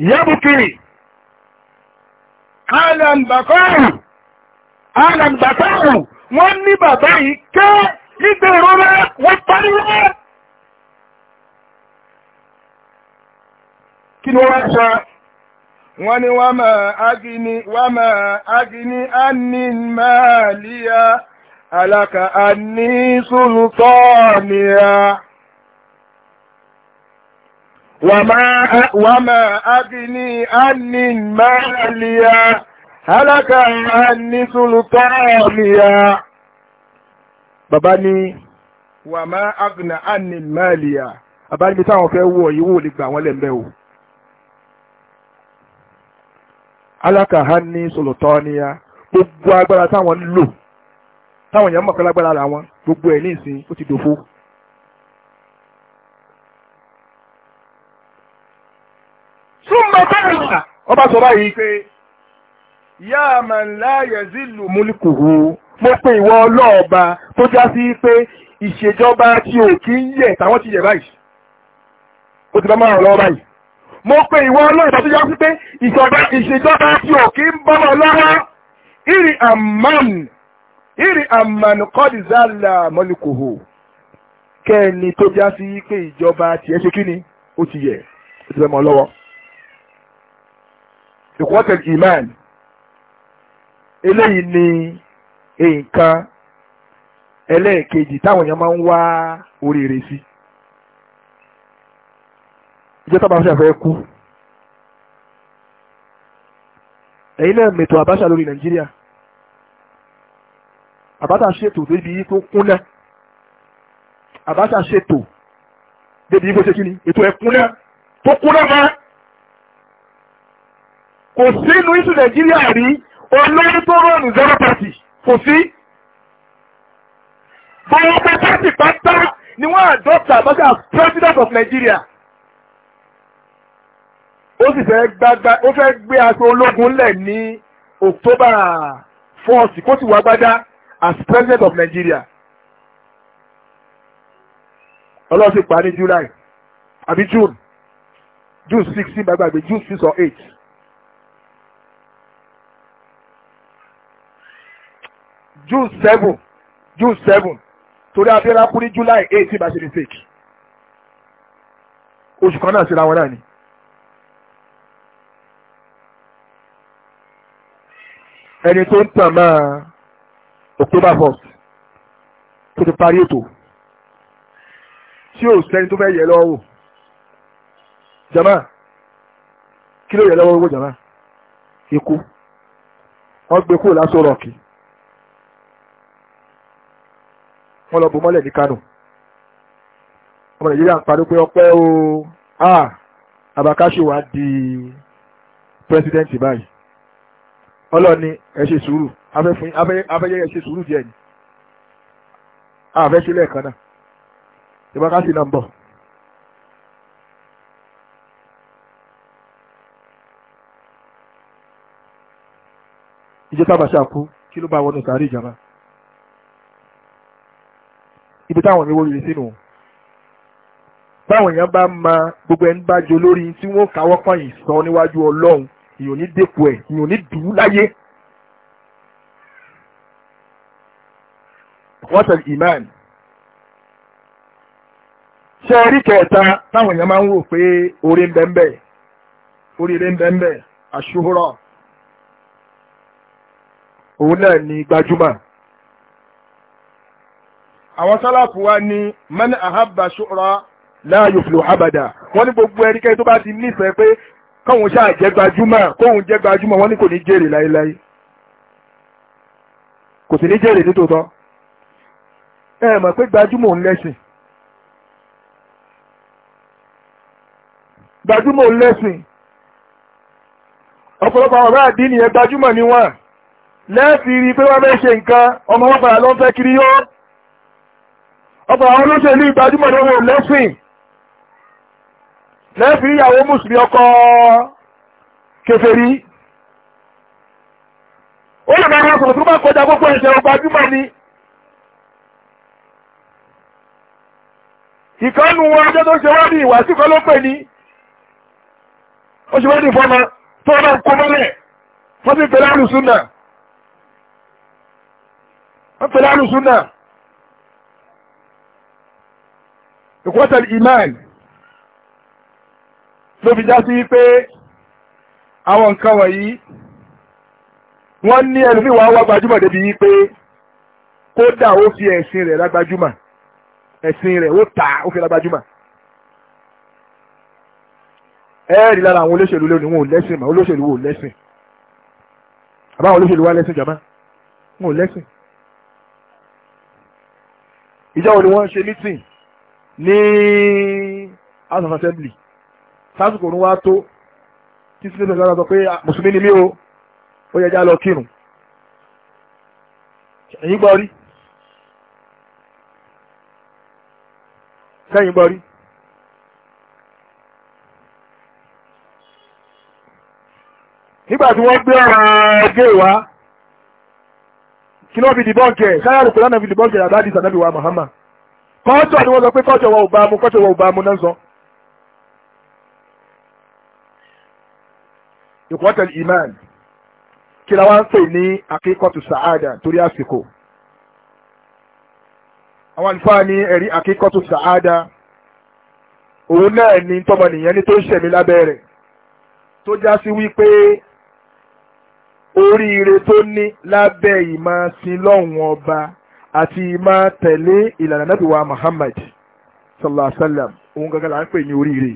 ìyẹ́bù kiri alàǹbàkọ́rù alàǹbàkọ́rù wọ́n ní bàbá yìí kẹ́ nígbè ìrora wọ́n pariwo kí ni wọ́n sọ wọ́n ni wọ́n máa agini wọ́n máa agini annin máa líyà alaka anni sultaniya wama agni anni maliya alaka anni sultaniya Baba ní wama agna anni maliya bàbá níbi táwọn fẹ́ wọ̀ yìí wò lè gbà wọ́n lẹ́m̀bẹ́ o alaka anni sultaniya gbogbo agbára táwọn lò táwọn èèyàn mọ̀ pé lágbára ara wọn gbogbo ẹ̀ ní ìsìn ó ti dòfo. súnmọ́ bẹ́ẹ̀ ọba sọ báyìí pé yá màá láàyè zílù múlíkùhù mo pe ìwọ ọlọ́ọ̀ba tó já sí pé ìṣèjọba tí ò kí ń yẹ táwọn ti yẹ báyìí ó ti bá máa ràn lọ́wọ́ báyìí mo pe ìwọ ọlọ́ọ̀ba tó já sí pé ìṣèjọba tí ò kí ń bọ́ lọ́wọ́ ìrì àmàmù ìrì àmànùkọ́dì zálà mọ́lùkòhò kẹ́ni tó já sí pé ìjọba tiẹ̀ ṣe kí ni ó ti yẹ ó ti fẹ́ mọ́ lọ́wọ́. ìkọ́tẹ̀lì iman eléyìí ni nǹkan ẹlẹ́ẹ̀kejì táwọn èèyàn máa ń wá oríire sí. ìjọba àbáṣà fẹ́ kú ẹ̀yin náà mètò àbáṣà lórí nàìjíríà àbáta ṣètò débi tó kúnlẹ̀ àbáta ṣètò débi bó ṣe kí ni ètò ẹ̀kúnlẹ̀ tó kúnlẹ̀ mọ́ kò sínú ìsù nàìjíríà rí olórí tó rọrùn zero party kò sí bọ́wọ́ pátá pátá ni wọ́n àdọ́ta àbájá president of Nigeria ó sì fẹ́ gbagba ó fẹ́ gbé aṣọ ológun lẹ̀ ní October 4th kó sì wá gbádá as president of Nigeria ọlọ́run sì pa ní July àbí June June sixteen bá gbàgbé June six or eight. June seven June seven torí Abiola kú ní July eight bá ṣe mistake oṣù kan náà síra wọn náà ni. ẹni tó ń tàn máa. October first tó ti parí ètò tí ò sẹ́ni tó fẹ́ yẹ lọ́wọ́ jama kí ló yẹ lọ́wọ́ owó jama ikú wọ́n gbé kúrò lásán rọ̀kì wọ́n lọ bò mọ́lẹ̀ ní Kánò ọmọ Nàìjíríà ń parí pé ọpẹ́ o ah Abacashi wa di pírẹsidẹ́ǹtì báyìí ọlọ́ni ẹ ṣe sùúrù abẹ́yẹ ẹ ṣe sùúrù díẹ̀ ni àfẹ́ ṣe lẹ́ẹ̀kan náà ìbákásí náà ń bọ̀. ìjẹ́ tábàṣà kú kí ló bá wọnú sàárì ìjàmbá ibi táwọn èèyàn wọlé sínú táwọn èèyàn bá ma gbogbo ẹni bá jọ lórí tí wọ́n káwọ́ pọ̀yìn sọ níwájú ọlọ́run ìyò ní dépò ẹ̀ ìyò ní dùú láyé. wọ́tẹ̀lì iman ṣé ẹ rí kẹta táwọn èèyàn máa ń wò pé orí ń bẹ́ńbẹ́ oríire ń bẹ́ńbẹ́ àṣùhúrọ̀ òun náà ni gbajúmọ̀ àwọn sálàfù wa ni man ahabba ṣùhúrọ̀ la yuflu abada wọ́n ní gbogbo ẹnikẹ́ni tó bá ti nífẹ̀ẹ́ pé káwọn ṣáà jẹ́ gbajúmọ̀ kóun jẹ́ gbajúmọ̀ wọ́n ní kò ní jèrè láéláé kò sì ní jèrè nítòótọ́ ẹ mọ̀ pé gbajúmọ̀ ń lẹ́sìn gbajúmọ̀ ń lẹ́sìn ọ̀pọ̀lọpọ̀ ọ̀rẹ́ àdínì ẹ gbajúmọ̀ ni wọ́n lẹ́ẹ̀sì rí pé wọ́n fẹ́ ṣe nǹkan ọmọ wọn padà lọ́n fẹ́ kiri yó ọ̀pọ̀ àwọn olóṣèlú gbajúmọ̀ ni wọ́n lẹ́sìn lẹ́ẹ̀fì ìyàwó mùsùlùmí ọkọ kèfèrí ó lè máa sọ̀rọ̀ tó bá kọjá gbogbo ẹ̀ṣẹ̀ ọgbàjúmọ̀ ni ìkánu wọn ọjọ́ tó ṣe wá ní ìwà síkọ́ ló pè ní ó ṣe wá ní ìfọ́nà tó ọ̀nà kó mọ́lẹ̀ wọ́n ti pẹ̀lú àlùsúnà wọ́n pẹ̀lú àlùsúnà ìkọ́tà ìmáàlì ló fi já sí wípé àwọn nǹkan wọ̀nyí wọ́n ní ẹlòmíì wá wá gbajúmọ̀ débi wípé kódà ó fi ẹ̀sìn rẹ̀ lágbajúmọ̀ ẹ̀sìn rẹ̀ ó tà ó fi lágbajúmọ̀ ẹ̀ẹ́rì lára àwọn olóṣèlú lónìí wọn ò lẹ́sìn mà olóṣèlú wọn ò lẹ́sìn àbáwọn olóṣèlú wa lẹ́sìn jàmá wọn ò lẹ́sìn ìjọ wo ni wọ́n ń ṣe mítìn ní house of assembly sásìkò òun wá tó títí tó sọ̀rọ̀ sọ pé ah, mùsùlùmí ni mí o ó yẹ já lọ kírun ẹ̀yin gbọ́ rí sẹ́yìn gbọ́ rí. nígbà tí wọ́n gbé ọ̀rọ̀ ẹgbẹ́ ìwá kí ló fi dìbọ́ǹkì ẹ̀ sáyà lùkùnrin náà fi dìbọ́ǹkì ẹ̀ àdáàdì sàdábì wa Muhammad kọ́ọ̀tọ̀ ni wọ́n sọ pé kọ́ọ̀tọ̀ wa ò bá mu kọ́ọ̀tọ̀ wa ò bá mu náà sọ. ìkọ́tẹ̀lì iman kí la wá ń pè ní akíkọ́tù sàáàdà torí àsìkò àwọn àlùfáà ní ẹ̀rí akíkọ́tù sàáàdà òun náà ni tọmọnìyàn ní tó ń ṣẹ̀mí lábẹ́ rẹ̀ tó já sí wípé oríire tó ní lábẹ́ ìmọ̀ sílọ́hún ọba àti ìmọ̀ tẹ̀lé ìlànà nàbìwá Muhammad sallallahu alayhi wa sallam òun gangan là ń pè ní oríire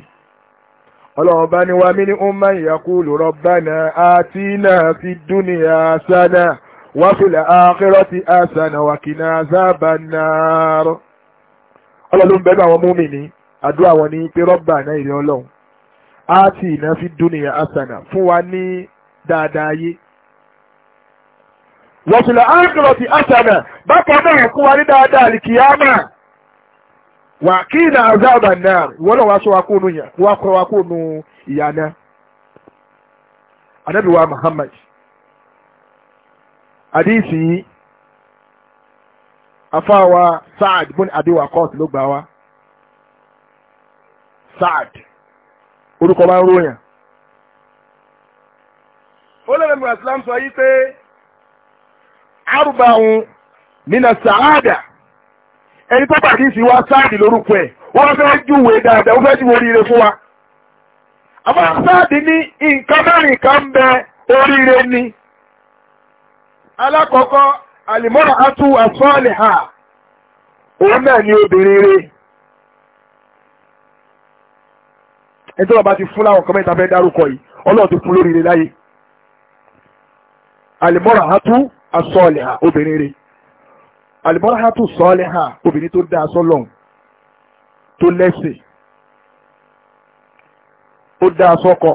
ọlọ́run bá ní wa minhum man yaqulu rabbana atina fid dunya hasana wa fil akhirati hasana wa qina azaban nar. ọlọ́run bẹ́ẹ̀ bá wọn mùmínì àdúrà wọn ní pé rabbana ìrẹ́ ọlọ́run atina fid dunya hasana fún wa ní dáadáa yé wa fil akhirati hasana bákan náà fún wa ní dáadáa àlìkìyàmà. wa kí azaba náà wọ́n náà wá sọ ya nù yẹn wa muhammad adiisi yi saad bun adiwa court saad orúkọ máa ń ròyìn. ó lè mú islam sọ yí ẹni tó pàdé sí wa sáàdì lórúkọ wọ́n fẹ́ júwe dáadáa wọ́n fẹ́ júwe oríire fún wa. sáàdì ní nǹkan kan ń bẹ oríire ni. alákọ̀ọ́kọ́ àlìmọ́ra atu àsọ́ọ̀lẹ̀ ha òun náà ni obìnrin rẹ̀. ẹni tó bá ti fún láwọn fẹ́ dárúkọ yìí ọlọ́run lóríire láyé. àlùbọ́ràhátù sọ́ọ́lẹ́ hà obìnrin tó dáa sọ́lọ́hún tó lẹ́sìn ó dáa sọ́kọ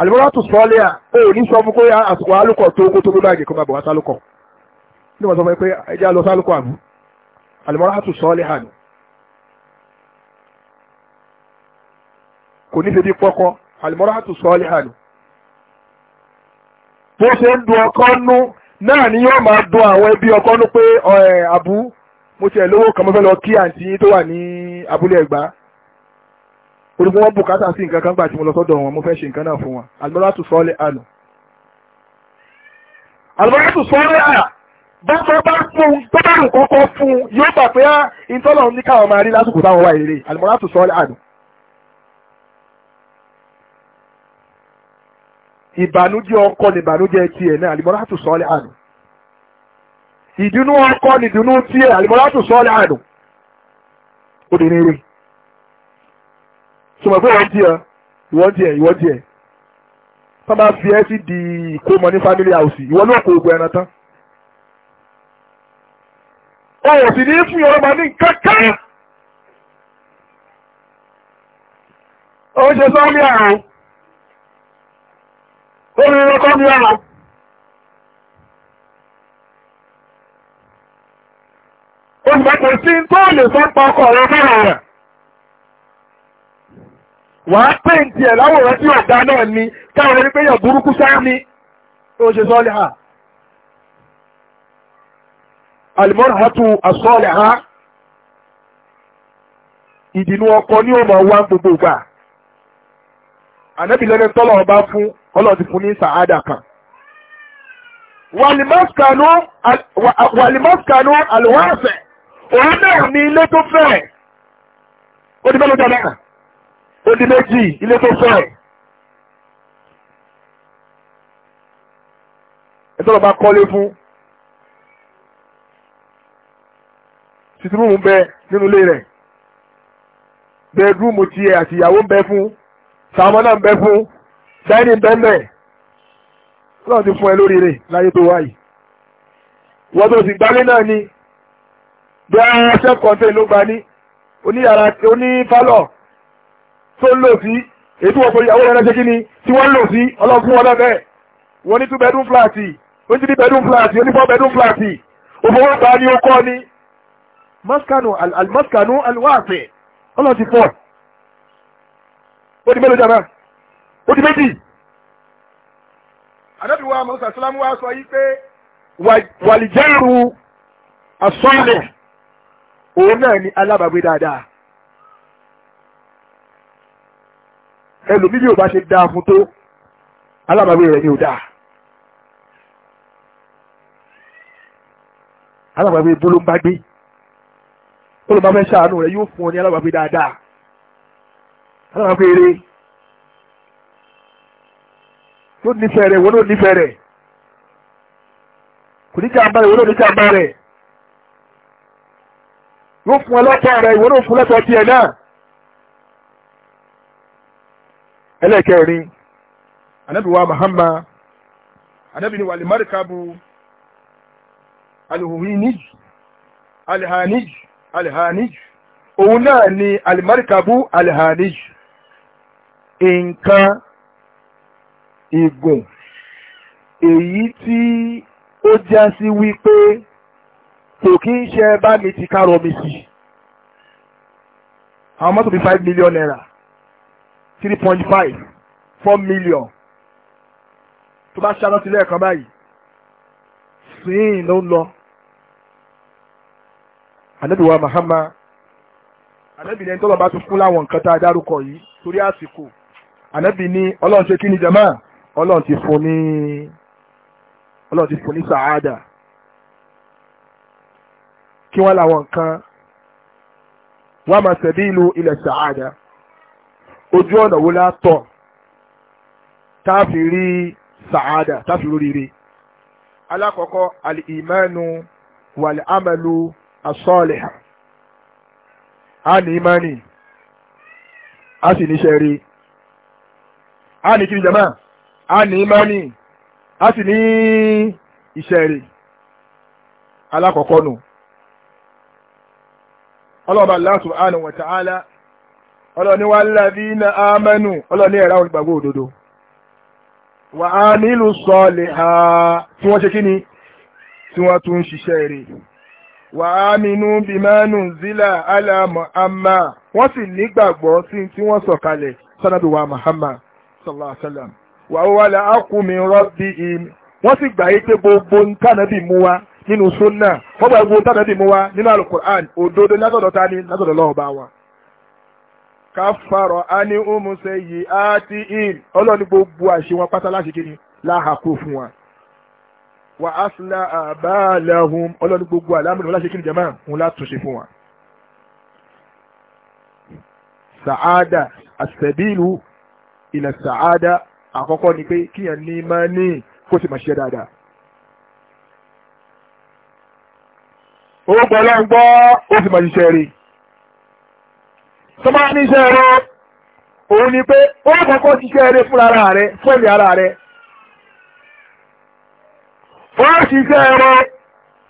àlùbọ́ràhátù sọ́ọ́lẹ́ hà ó ní sọ fún kóyà àsìkò alùkọ̀ tó kó tó gbé báàgì kó máa bọ̀ wá sálùkọ̀ ní wọ́n sọ fún ẹ pé ẹjẹ́ lọ sálùkọ̀ àbú àlùbọ́ràhátù sọ́ọ́lẹ́ hà ni kò ní ṣe bí pọ́kọ́ àlùbọ́ràhátù sọ́ọ́lẹ́ hà ni bó ṣe ń du ọkọ nú náà ni yóò máa dùn àwọn ẹbí ọkọ ní pé àbú mo tiẹ̀ lówó kan mo fẹ́ lọ kí àǹtí yín tó wà ní abúlé ẹ̀gbá orúkọ wọn bùkátà sí nǹkan kan gbà tí mo lọ sọ́dọ̀ wọn mo fẹ́ ṣe nǹkan náà fún wọn àlùbọ́lá tún sọ́ọ́lẹ̀ àná. àlùbọ́lá tún sọ́ọ́lẹ̀ àná bọ́sọ̀ bá fún un tó bá rùn kọ́kọ́ fún un yóò gbà pé ah, ìtọ́lọ̀ ní káwọn máa rí lásìkò táwọn wà èrè àlùbọ́lá tún sọ́ọ́lẹ̀ àná. ìbànújẹ́ ọkọ ni ìbànújẹ́ tiẹ̀ náà àlìmọ́lá tó sọ́ọ́lẹ̀ àná ìdùnnú ọkọ ni ìdùnnú tiẹ̀ àlìmọ́lá tó sọ́ọ́lẹ̀ àná ó di nílé sọmọ pé wọ́n tiẹ̀ ìwọ́n tiẹ̀ ìwọ́n tiẹ̀ tá a bá fi ẹ́ sí di ìkómọ ní family house ìwọ náà kò gbọ́ ẹran tán ọ̀rọ̀ sì ní fún ọlọ́mọ ní kankan ó ń ṣe sọ́ọ́lẹ̀ àrùn orí ọkọ́ bí ọmọ olùgbàtò sí tó lè sọ́pọ̀ ọkọ̀ rẹ̀ fẹ́rẹ̀ rẹ̀ wà á pè ń tiẹ̀ láwòrán tí ọ̀gá náà ni káwọn ẹni pé ha alimọ́nàhátù asọ́ọ̀lẹ̀ ha ìdìnnú ọkọ ní òmò wa gbogbo gbà ànábìlẹ́ni tọ́lọ̀ ọba fún ọlọ́run ti fún ní sàádà kan. wàlìmọ́sìkànú àlùwáàfẹ̀ òun náà ní ilé tó fẹ̀ ó di mélòó dáadáa ó di méjì ilé tó fẹ̀. ẹ tọ́lọ̀ bá kọ́lé fún sitirumu bẹ nínú ilé rẹ̀ bẹẹdúrúmù tiẹ̀ àti ìyàwó bẹ fún sàmọ bẹ fún dáìní bẹ́ẹ̀ lọ́wọ́ ti fún ẹ lórí rẹ̀ láyé tó wáyìí wọ́n tó sì gbálé náà ni bí ara ṣẹ́ kọ́ńtẹ́ ló gba ní oníyàrá onífálọ̀ tó ń lò sí èyí tí wọ́n fọ ìyàwó rẹ̀ ṣe kí ni tí wọ́n ń lò sí ọlọ́fún wọn náà bẹ́ẹ̀ wọ́n ní two bedroom flat wọ́n ti ní bedroom flat wọ́n ní four òfòwò gbà ní ó ni maskanu al-maskanu al-wasi ọlọ́ọ̀ ti fọ́ ó di mélòó jábá ó di méjì. ànábì wa musa salamu wa sọ yìí pé wàlìjẹ́rù asọ́ọ̀lẹ̀ òun náà ni alábàgbé dáadáa. ẹlòmí bí o bá ṣe dáa fún tó alábàgbé rẹ̀ ni ò dáa. alábàgbé bolóńgbàgbé olùbáfẹ́ ṣàánú rẹ̀ yóò fún ọ ní alábàgbé dáadáa alábàgbé rẹ̀ tó nífẹ̀ẹ́ rẹ̀ wọ́n ló nífẹ̀ẹ́ rẹ̀ kò ní jàmbá rẹ̀ wọ́n ló ní jàmbá rẹ̀ yóò fún ẹlẹ́tọ̀ rẹ̀ ìwọ́n ló fún lẹ́tọ̀ tiẹ̀ náà ẹlẹ́kẹ̀rin anabi wa anabi ni wàlímárìkàbù alihuhinij alihanij alihanij òun náà ni alimarikabu alihanij nǹkan ìgùn èyí tí ó já sí wípé kò kí ń ṣe bá mi ti kárọ̀ mi sí àwọn mọ́tò bíi five million naira three point five four million tó bá ṣáná sílẹ̀ kan báyìí sìn ló ń lọ anabiwa Muhammad anabi ní ẹni tó lọ bá tún kú láwọn nǹkan tá a dárúkọ yìí torí àsìkò anabi ní ọlọ́run ṣe kí ni jama ọlọ́run ti fún ní ọlọ́run ti fún ní sàádà kí wọ́n làwọn nǹkan wọ́n máa ṣẹ̀bí ìlú ilẹ̀ sàádà ojú ọ̀nà wo látọ̀ táàfì rí sàádà táàfì rí rí alákọ̀ọ́kọ́ alìmánu wàlìámẹ́lu asọ́ọ̀lẹ̀hà a ní ìmánì a sì níṣẹ́ rí a ní kí ni jama a ní imani a sì ní ìṣẹ̀rì alákọ̀ọ́kọ́ nù ọlọ́ọ̀bà Allah subhanahu wa ta'ala ọlọ́ọ̀ni wà ladhina amanu ọlọ́ọ̀ni ẹ̀rá olùgbàgbọ́ òdodo wà á nílùú sọ́ọ̀lì ha tí wọ́n ṣe kí ni tí wọ́n tún ṣiṣẹ́ rè wà á minú bímánù zila ala Muhammad wọ́n sì nígbàgbọ́ sí tí wọ́n sọ̀kalẹ̀ sanaduwa Muhammad sallallahu alaihi wa sallam wàhálà ákùnmí rọ́bì im wọ́n sì gbà yí pé gbogbo ntànàbì mú wa nínú súnà wọ́n gbà gbogbo ntànàbì mú wa nínú alukur'an òdodo látọ̀dọ̀ ta ni látọ̀dọ̀ lọ́wọ́ bá wa. káfàrọ̀ á ní ọmọọṣẹ́ yìí á ti im ọlọ́ni gbogbo àṣẹ wọn pátá láti kí ni láhàkó fún wa. wà á sílá àbáàlàhùn ọlọ́ni gbogbo àlámìnira láti kí ni jẹ́mọ́ òun látúnṣe fún wa. sàádà àṣẹ̀bílù ilẹ̀ sàádà àkọ́kọ́ ni pé kíyàn ní máa ní kó sì máa ṣiṣẹ́ dáadáa. ó gbọ́ lọ́n gbọ́ ó sì máa ṣiṣẹ́ rí. sọ́mọ́ ní iṣẹ́ rẹ òun ni pé ó kọ́kọ́ ṣiṣẹ́ rí fún ara rẹ fún ẹ̀mí ara rẹ. ó ṣiṣẹ́ rẹ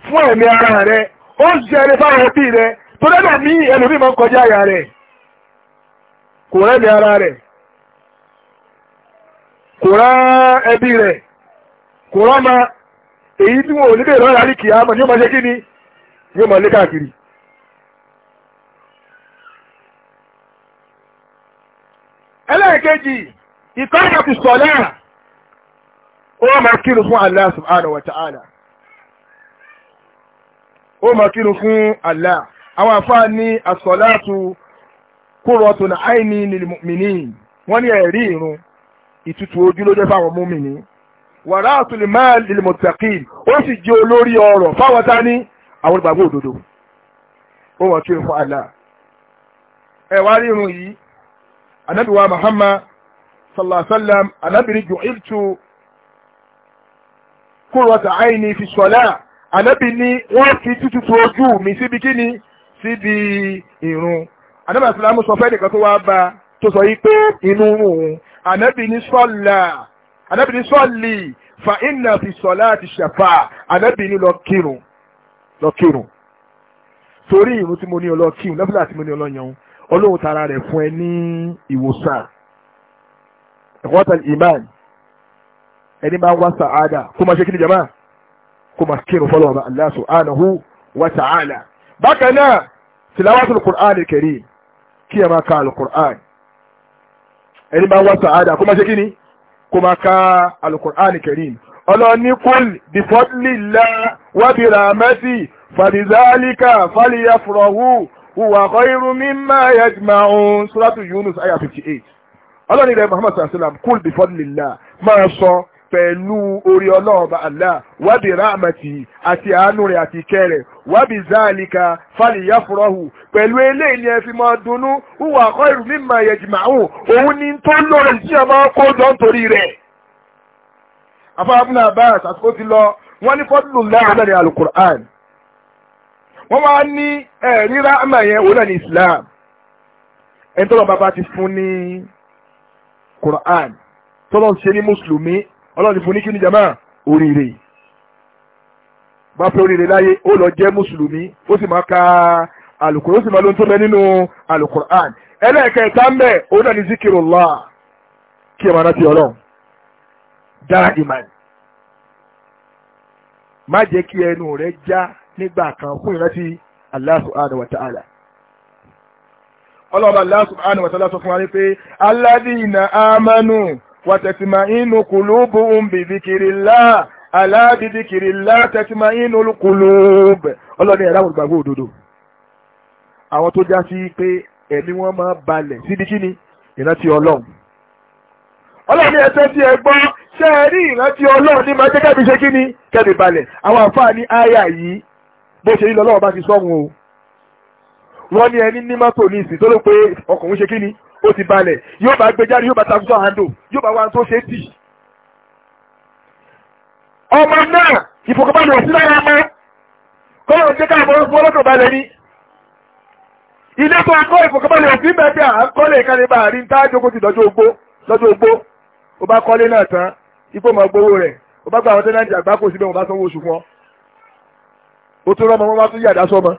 fún ẹ̀mí ara rẹ ó ṣiṣẹ́ rí fáwọn ẹbí rẹ tó dẹ́gbà ní ẹlòmíì máa ń kọjá àyà rẹ̀ kò rẹ́mi ara rẹ̀ kò rán ẹbí rẹ̀ kò rán ma èyí tí wọn ò níbẹ̀ lọ́rọ̀ àríkì àmọ́ ní ọmọ ṣe kí ni yóò mọ̀ lé káàkiri. ẹlẹ́ẹ̀kejì ìkọ́nà kù sọ̀lá ó máa kírun fún Allah subhanahu wa ta'ala ó máa kírun fún Allah àwọn àfáà ní asọ̀lá tu kúrọ̀tún àìní lil wọ́n ní ẹ̀rí ìrun ìtutù ojú ló jẹ́ fáwọn mùmínì wàrà àtúlẹ̀ máa lè mọ̀tàkìn ó sì jẹ́ olórí ọ̀rọ̀ fáwọn tá ní àwọn ìgbàgbọ́ òdodo ó wọ́n tún fún àlà ẹ wá rí irun yìí anabi wa Muhammad sallallahu alaihi wa sallam anabi ni ju'iltu kúrọ̀tà àìní fi sọ̀lá ànábì ní wọ́n fi tútù ojú mi síbi kíni síbi ìrun ànábì àsìlámù sọ fẹ́ nìkan tó wá bá tó sọ yìí pé inú òun anabi ni sọ́là anabi ni sọ́lì fa iná fi sọ́là ti ṣàfà anabi ni lọ kírun lọ kírun torí ìrun tí mo ní ọlọ kírun lọ́fíìlà tí mo ní ọlọ yan ọlọ́run tara rẹ̀ fún ẹ ní ìwòsàn ẹ̀kọ́ tàbí iman ẹni máa ń wá sàádà kó máa ṣe kí ni jama kó máa kírun fọlọ́ ọba Allah subhanahu wa ta'ala bákan náà tìlàwátìlù Qur'an kẹrì kí ẹ máa ka alukur'an ẹni bá wá sàádà kó máa ṣe kí ni kó máa ka alukur'an karim ọlọ́ni kúl bifadlillah wa biramati fàdìzálíkà fàlìyàfùrọ̀hù huwa khairu mimma yajma'un suratu yunus aya fifty eight ọlọ́ni rẹ̀ muhammad sallam kúl bifadlillah máa sọ pẹ̀lú orí ọlọ́ọ̀bà allah wa biramati àti àánú rẹ̀ àti ìkẹ́ rẹ̀ wábì záàlìkà fàlìyà fúrọ́hù pẹ̀lú eléyìí ni ẹ fi máa dunnú wúwà kọ́ ìrù mímọ ẹ̀yẹ̀jìmọ̀ àwọn òun ni tó lóore tí a máa kó jọ nítorí rẹ̀. afáàbùnà abbas àsìkò ti lọ wọ́n ní fọ́dúnlù láàrin alukur'an wọ́n máa ní ẹ̀rí ráàmà yẹn òun náà ní islam ẹni tọ́lọ́ bàbá ti fún ní kur'an tọ́lọ́ ṣe ní mùsùlùmí ọlọ́run ti fún ní kí ni jama oríire bá fẹ́ oríire láyé ó lọ jẹ́ mùsùlùmí ó sì máa ka alukoro ó sì máa lo tó bẹ nínú alukur'an ẹlẹ́ẹ̀kẹta ń bẹ̀ ó náà ní zikirullah kí ẹ máa rántí ọlọ́run dára ìmàn má jẹ́ kí ẹnu rẹ já nígbà kan fún ìrántí Allah subhanahu wa ta'ala ọlọ́ọ̀bà Allah subhanahu wa ta'ala sọ fún wa ní pé alladhina amanu wa tatma'innu qulubuhum bi dhikrillah aláàdìdìkìrì látẹ̀síma inú olùkùlù bẹ̀ ọlọ́ni ẹ̀rọ àwọn olùgbàgbọ́ òdodo àwọn tó já sí pé ẹ̀mí wọn máa balẹ̀ síbi kí ni ìrántí ọlọ́run ọlọ́ni ẹ̀sẹ̀ tí ẹ gbọ́ ṣé ẹ rí ìrántí ọlọ́run ní máa jẹ́ kẹ́mi ṣe kí ni kẹ́mi balẹ̀ àwọn àǹfààní àyà yìí bó ṣe yín lọ́wọ́ bá ti sọ́hun o wọ́n ní ẹni ní mọ́tò ní ìsìn tó ló pé ọkùnrin ṣe kí ni ó ti balẹ̀ yóò bá gbé jáde yóò bá takùsọ̀ àndò yóò bá wá tó ṣe tì ọmọ náà ìfọ̀kànbalẹ̀ sí lára mọ́ kọ́lọ̀ jẹ́ káàbọ̀ fún ọlọ́kànbalẹ̀ ní ilé tó akọ́ ìfọ̀kànbalẹ̀ sí mẹ́fẹ́ à ń kọ́lẹ̀ ìkàlẹ̀ bá rí ń tájókó ti lọ́jọ́ ogbó lọ́jọ́ ogbó ó bá kọ́lé náà tán ipò mọ̀ gbowó rẹ̀ ó bá gba àwọn tẹ́lẹ̀ àgbà kò síbẹ̀ wọn bá sanwó oṣù fún ọ ó tún rọ́mọ wọn bá tún yàdá sọ́mọ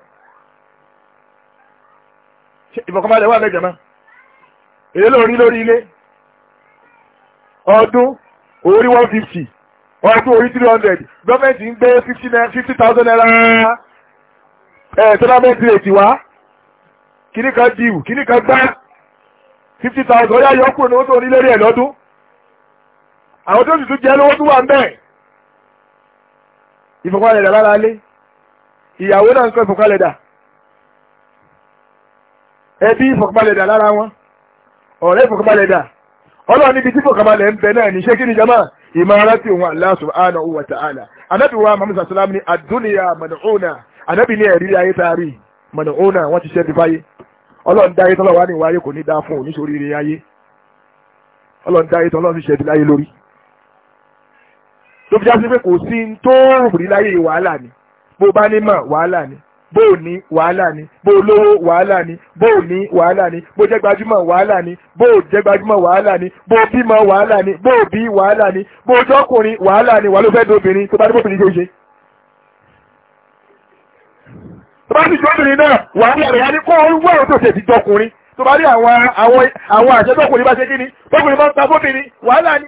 ìfọ̀kànbalẹ̀ wà mẹ́jọ mọ́ èyí lórí lórí ilé ọdún orí one fifty wọ́n tó orí 300 gọ́ọ̀mẹ́ntì ń gbé 50,000 naira tournament rate wá kìíní kan dìú kìíní kan gbá 50,000 ọ̀yá yọkù ní ó tó ní lérí ẹ̀ lọ́dún àwọn tó sì tún jẹ́ lówó tó wà ń bẹ̀ ìfọ̀kànlẹ̀ dà lára lé ìyàwó náà ń kọ́ ìfọ̀kànlẹ̀ dà ẹbí ìfọ̀kànlẹ̀ dà lára wọn ọ̀rẹ́ ìfọ̀kànlẹ̀ dà ọlọ́ọ̀ níbi tí ìfọ̀kànlẹ̀ ń bẹ náà ní ṣé kí ni jama ìmọ̀ràtì wọn Allah subhanahu wa ta'ala anábì wa mamusa salam ni adúniya mọ̀nàúnà anábì ní ẹ̀rí ayé taari mọ̀nàúnà wọ́n ti ṣẹ́ni fáyé ọlọ́run dá ayé tọ́lọ́ wa ní ìwáyé ni ní dá fún òní sórí ire ayé ọlọ́run dá ayé tọ́lọ́ fi ṣẹ́ni láyé lórí. tó fi já sí pé kò sí tó rí láyé wàhálà ni bó bá ní mọ̀ wàhálà ni bó o ní wàhálà ni bó o lówó wàhálà ni bó o ní wàhálà ni bó o jẹ́ gbajúmọ̀ wàhálà ni bó o jẹ́ gbajúmọ̀ wàhálà ni bó o bímọ wàhálà ni bó o bí wàhálà ni bó o jọkùnrin wàhálà ni wà ló fẹ́ dobìnrin tó bá dé bóbìnrin tó ṣe. tó bá ti jọbìnrin náà wàhálà rẹ̀ á ní kó o wá òótọ́ ṣe ti jọkùnrin tó bá rí àwọn àṣẹ tọkùnrin bá ṣe kí ni tọkùnrin bá ń ta bóbìnrin wàhálà ni.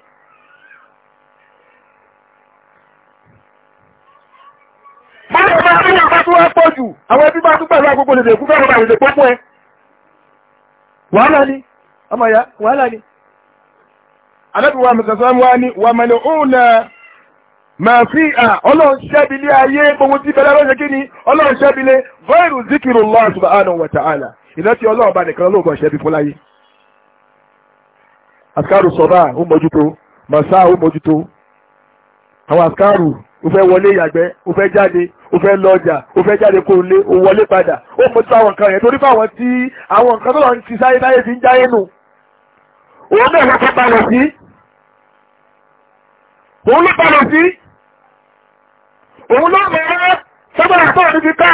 Báwo bá tí wọ́n bá tó wá pọ̀ jù, àwọn ẹbí bá tó pẹ̀lú agogo lè dẹ̀kú fẹ́ràn bàrẹ̀ dẹ̀kú fún Allah subhanahu wa ta'ala ìrántí ọlọ́run bá nìkan lóògùn ṣẹ́bi fún láyé. Àsìkárù sọ̀bà ó mójútó, màsá ó fẹ́ wọlé ìyàgbẹ́, ó fẹ́ jáde, ó fẹ́ lọ ọjà ó fẹ́ jáde kó lé ó wọlé padà ó mú tó àwọn nǹkan yẹn torí fáwọn tí àwọn nǹkan tó lọ ń ti sáyé táyé ti ń jáyé nù òun náà ló fẹ́ balẹ̀ sí òun ló balẹ̀ sí òun ló mọ̀ ẹ́ sábà àtọ́ mi ti ká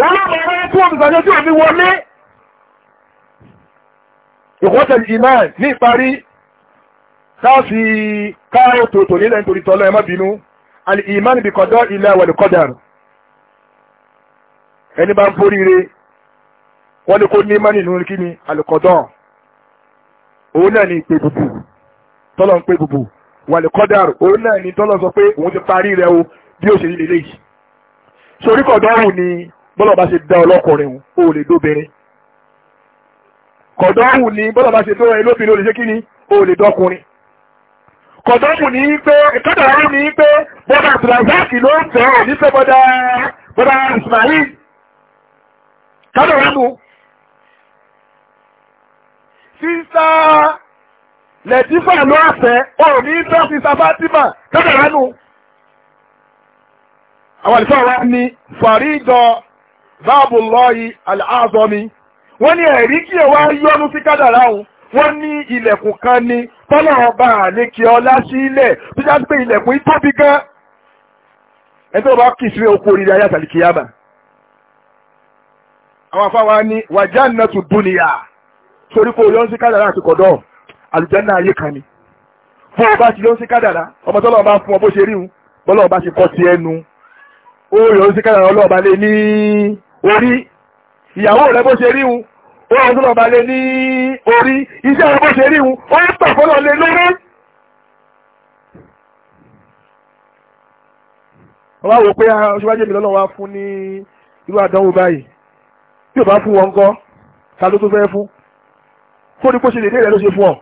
òun ló mọ̀ ẹ́ tí wọ́n sàjọ́ tí wọ́n mi wọlé ìkọ́tẹ̀ ìmáà ní ìparí sáà fi ká ètò tòní tọ́lọ́ ẹ má bínú al-iman bi kodo, Allah wal qadar ẹni bá ń foríire wọ́n ní kó ní mọ́ nínú kí ni al-qada' òun náà ni ìpè bùbù tọ́lọ̀ ń pè bùbù wal qadar òun náà ni tọ́lọ̀ sọ pé òun ti parí rẹ̀ o bí ó ṣe ní lélẹ́yìí sorí kọ̀dọ́rù ni bọ́lọ̀ bá ṣe dá ọlọ́kùnrin o lè dóbìnrin kọ̀dọ́rù ni bọ́lọ̀ bá ṣe dó ẹ lóbìnrin o lè ṣe kí ni o lè dọ́kùnrin kọ̀dọ́mù ní pé kọ́dọ̀rọ̀ ní pé bọ́dà abdulrazak ló ń tẹ̀ ọ́ ní pé bọ́dà bọ́dà ismail kọ́dọ̀rọ̀ nù. sísá lẹ́tífà ló àfẹ́ ọ̀ ní pé sísá fatima kọ́dọ̀rọ̀ nù. àwọn àlùfáà wa ni faridọ báàbù lọ́ọ̀yì aláàzọ́mi wọ́n ní ẹ̀rí kí ẹ wá yọnu sí kádàrá wọ́n ní ilẹ̀kùn kan ni tọ́lá ọba àlékè ọlá sí ilẹ̀ tó já pé ilẹ̀kùn tóbi gan ẹni tó bá kì í sí oko oríire ayé àtàlì kìyàmà àwọn afáwa ni wàjá nà tún dúnìyà sórí kò yọ́n sí kádàrá àti kọ̀dọ̀ àlùjánnà ayé kan ni fún ọba ti yọ́n sí ọmọ tọ́lá ọba fún ọ bó ṣe ríhun bọ́lá ọba ti kọ́ sí ẹnu ìyàwó rẹ bó ṣe ríhun wọ́n ọdún lọ́ba lé ní orí iṣẹ́ ọmọ ṣe rí hun ó ń pàfọ́lọ́ lé lórí. wọ́n wá wò pé aṣọ́wájú mi lọ́lọ́wọ́ wá fún ní irú àdánwò báyìí tí ò bá fún wọn kọ́ ta ló tó fẹ́ fún kó ní kó ṣe dédé rẹ̀ ló ṣe fún ọ.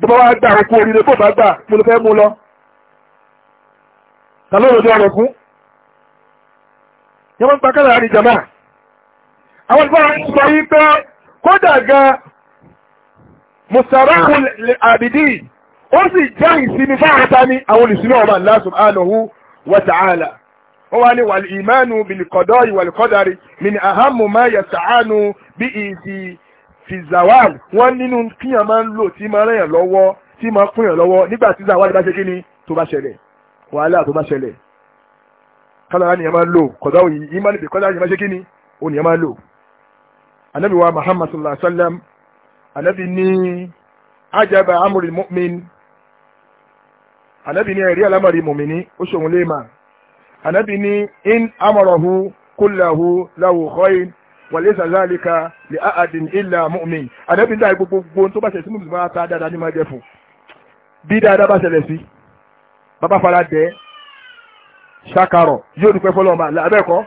bọ́bá wá gbà òkú oríire kó bá gbà mo ló fẹ́ mú lọ ta ló rò ní ọ̀rọ̀ fún. yẹ́n wọ́n ń pa kálá àrí jàmáà àwọn ìgbà ń sọ yí pé kódà gan mùsàràkù àbìdí ó sì jẹ́ ìsinmi fáwọn ta ni àwọn olùsinmi ọba Allah subhanahu wa ta'ala ó wá ní wàlì ìmánu bìlìkọ̀dọ́ ìwàlìkọ́dárì min ahammu ma yasta'anu bí ìsì fìzàwàl wọ́n nínú kíyàn máa ń lò tí máa rẹ̀yàn lọ́wọ́ tí máa kúnyàn lọ́wọ́ nígbà tí zàwàl bá ṣe kí tó bá ṣẹlẹ̀ wàhálà tó bá ṣẹlẹ̀ kálára nìyẹn máa ń lò kọ̀dọ́ ìmánu bìlìkọ́dárì nìyẹn máa ṣe kí ni ó máa ń lò anabi wa muhammad sallallahu alaihi wa sallam anabi ní ajaba amúri mu'min anabi ní ẹ̀rí alámọ̀rí mùmíní ó ṣòun lè mà anabi ní in amarahu kullahu lahu khair wàlẹ́sà zálika lè àádìn ilà mu'min anabi dáa gbogbo tó bá ṣe sí mùmíní bá ta dáadáa ní máa jẹ fún bí dáadáa bá ṣẹlẹ̀ sí bàbá fara dẹ́ ṣàkàrọ̀ yóò dúpẹ́ fọlọ́ọ̀mà lábẹ́ẹ̀kọ́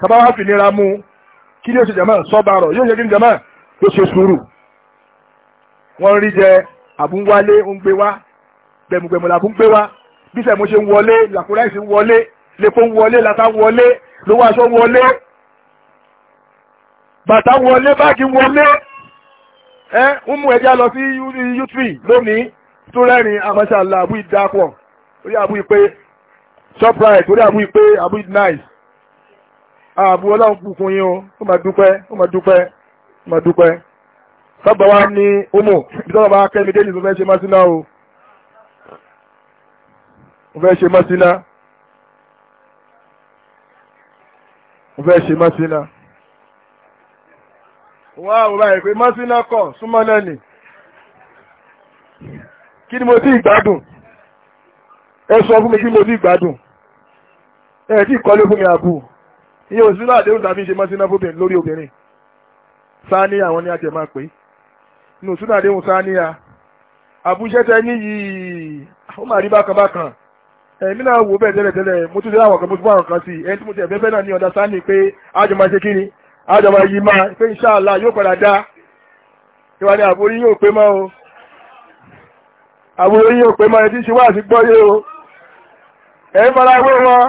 tàbá wá fi nira mú kí ni ó ṣe jàmá sọ́bàrọ̀ yóò ṣe kí ni jàmá tó ṣe sùúrù wọ́n rí jẹ àbúwálé ń gbé wá gbẹmugbẹmu làbú ń gbé wá bí sẹ̀mú ṣe ń wọlé làkúráìsì ń wọlé lèpo ń wọlé làtà ń wọlé lówó aṣọ ń wọlé bàtà ń wọlé báàgì ń wọlé ẹ ń mú ẹja lọ sí u3 lónìí tó rẹ́rìn àmọ́ṣàlá ah, àbúyí dápọ̀ orí àbúyí pé shoprite orí àbúyí pé àbúyí nice ààbò ọlọ́run kú fún yín o ó máa dúpẹ́ ó máa dúpẹ́ ó máa dúpẹ́. sábà wa ní homo ibi tó bá kẹ́mi dé nìyí mo fẹ́ ṣe mọ́síná o mo fẹ́ ṣe mọ́síná mo fẹ́ ṣe mọ́síná. wọ́n á wò báyìí pé súnmọ́ náà nì kí ni mo ti gbádùn ẹ sọ fún mi kí ni mo ti gbádùn ẹ ti kọ́lé fún mi àbúrò iye òsínú àdéhùn tàbí ṣe mọ́ sínú fóbìnrin lórí obìnrin sáníyà wọn ni a jẹ máa pè é inú òsínú àdéhùn sáníyà àbúṣẹ́tẹ níyì ó mà rí bákan bákan ẹ̀mí náà wò bẹ́ẹ̀ tẹ́lẹ̀ tẹ́lẹ̀ mo tún ṣe àwọn kan mo tún fún àwọn kan sí i ẹni tí mo ti ẹ̀fẹ́fẹ́ náà ní ọ̀dà sáni pé àjọ máa ṣe kí ni àjọ máa yí máa pé inshallah yóò padà dá ìwà ni àbórí yóò pé mọ́ o àbórí yóò pé mọ́ ẹ ti ṣe wá àti gbọ́ yé o ẹ̀ ń fara wé wọn.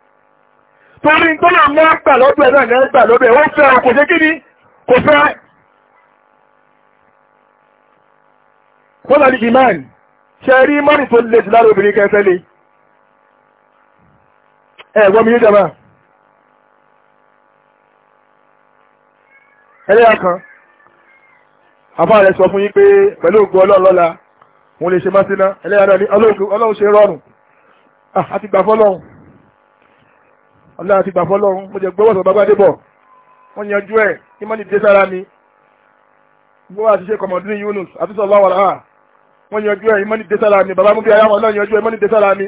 torí tó lọ mọ́ gbà lọ́dọ̀ ẹ̀dọ̀ ẹ̀dọ̀ gbà lọ́dọ̀ ẹ̀ fẹ́ ọ kò ṣe kò fẹ́ kọ́lá ní iman ṣe rí mọ́rin tó lè jù obìnrin kẹfẹ́ lé ẹ̀gbọ́n mi jẹba ẹlẹ́yà kan àbá rẹ̀ sọ fún yín pé pẹ̀lú ògùn ọlọ́run lọ́la lè ṣe mọ́síná ẹlẹ́yà rọrùn àti ah, gbà fọ́lọ́run ọlọ́run ti gbà fọlọ́run mo jẹ́ gbọ́wọ́ sọ bàbá débọ̀ wọ́n yanjú ẹ̀ kí mọ́ni dé sára mi gbọ́wọ́ àti ṣe kọ̀mọ̀dún Yunus àti sọ̀rọ̀ àwọn ará wọ́n yanjú ẹ̀ mọ́ni dé sára mi bàbá mú bí ayáwọ̀ náà yanjú ẹ̀ mọ́ni dé sára mi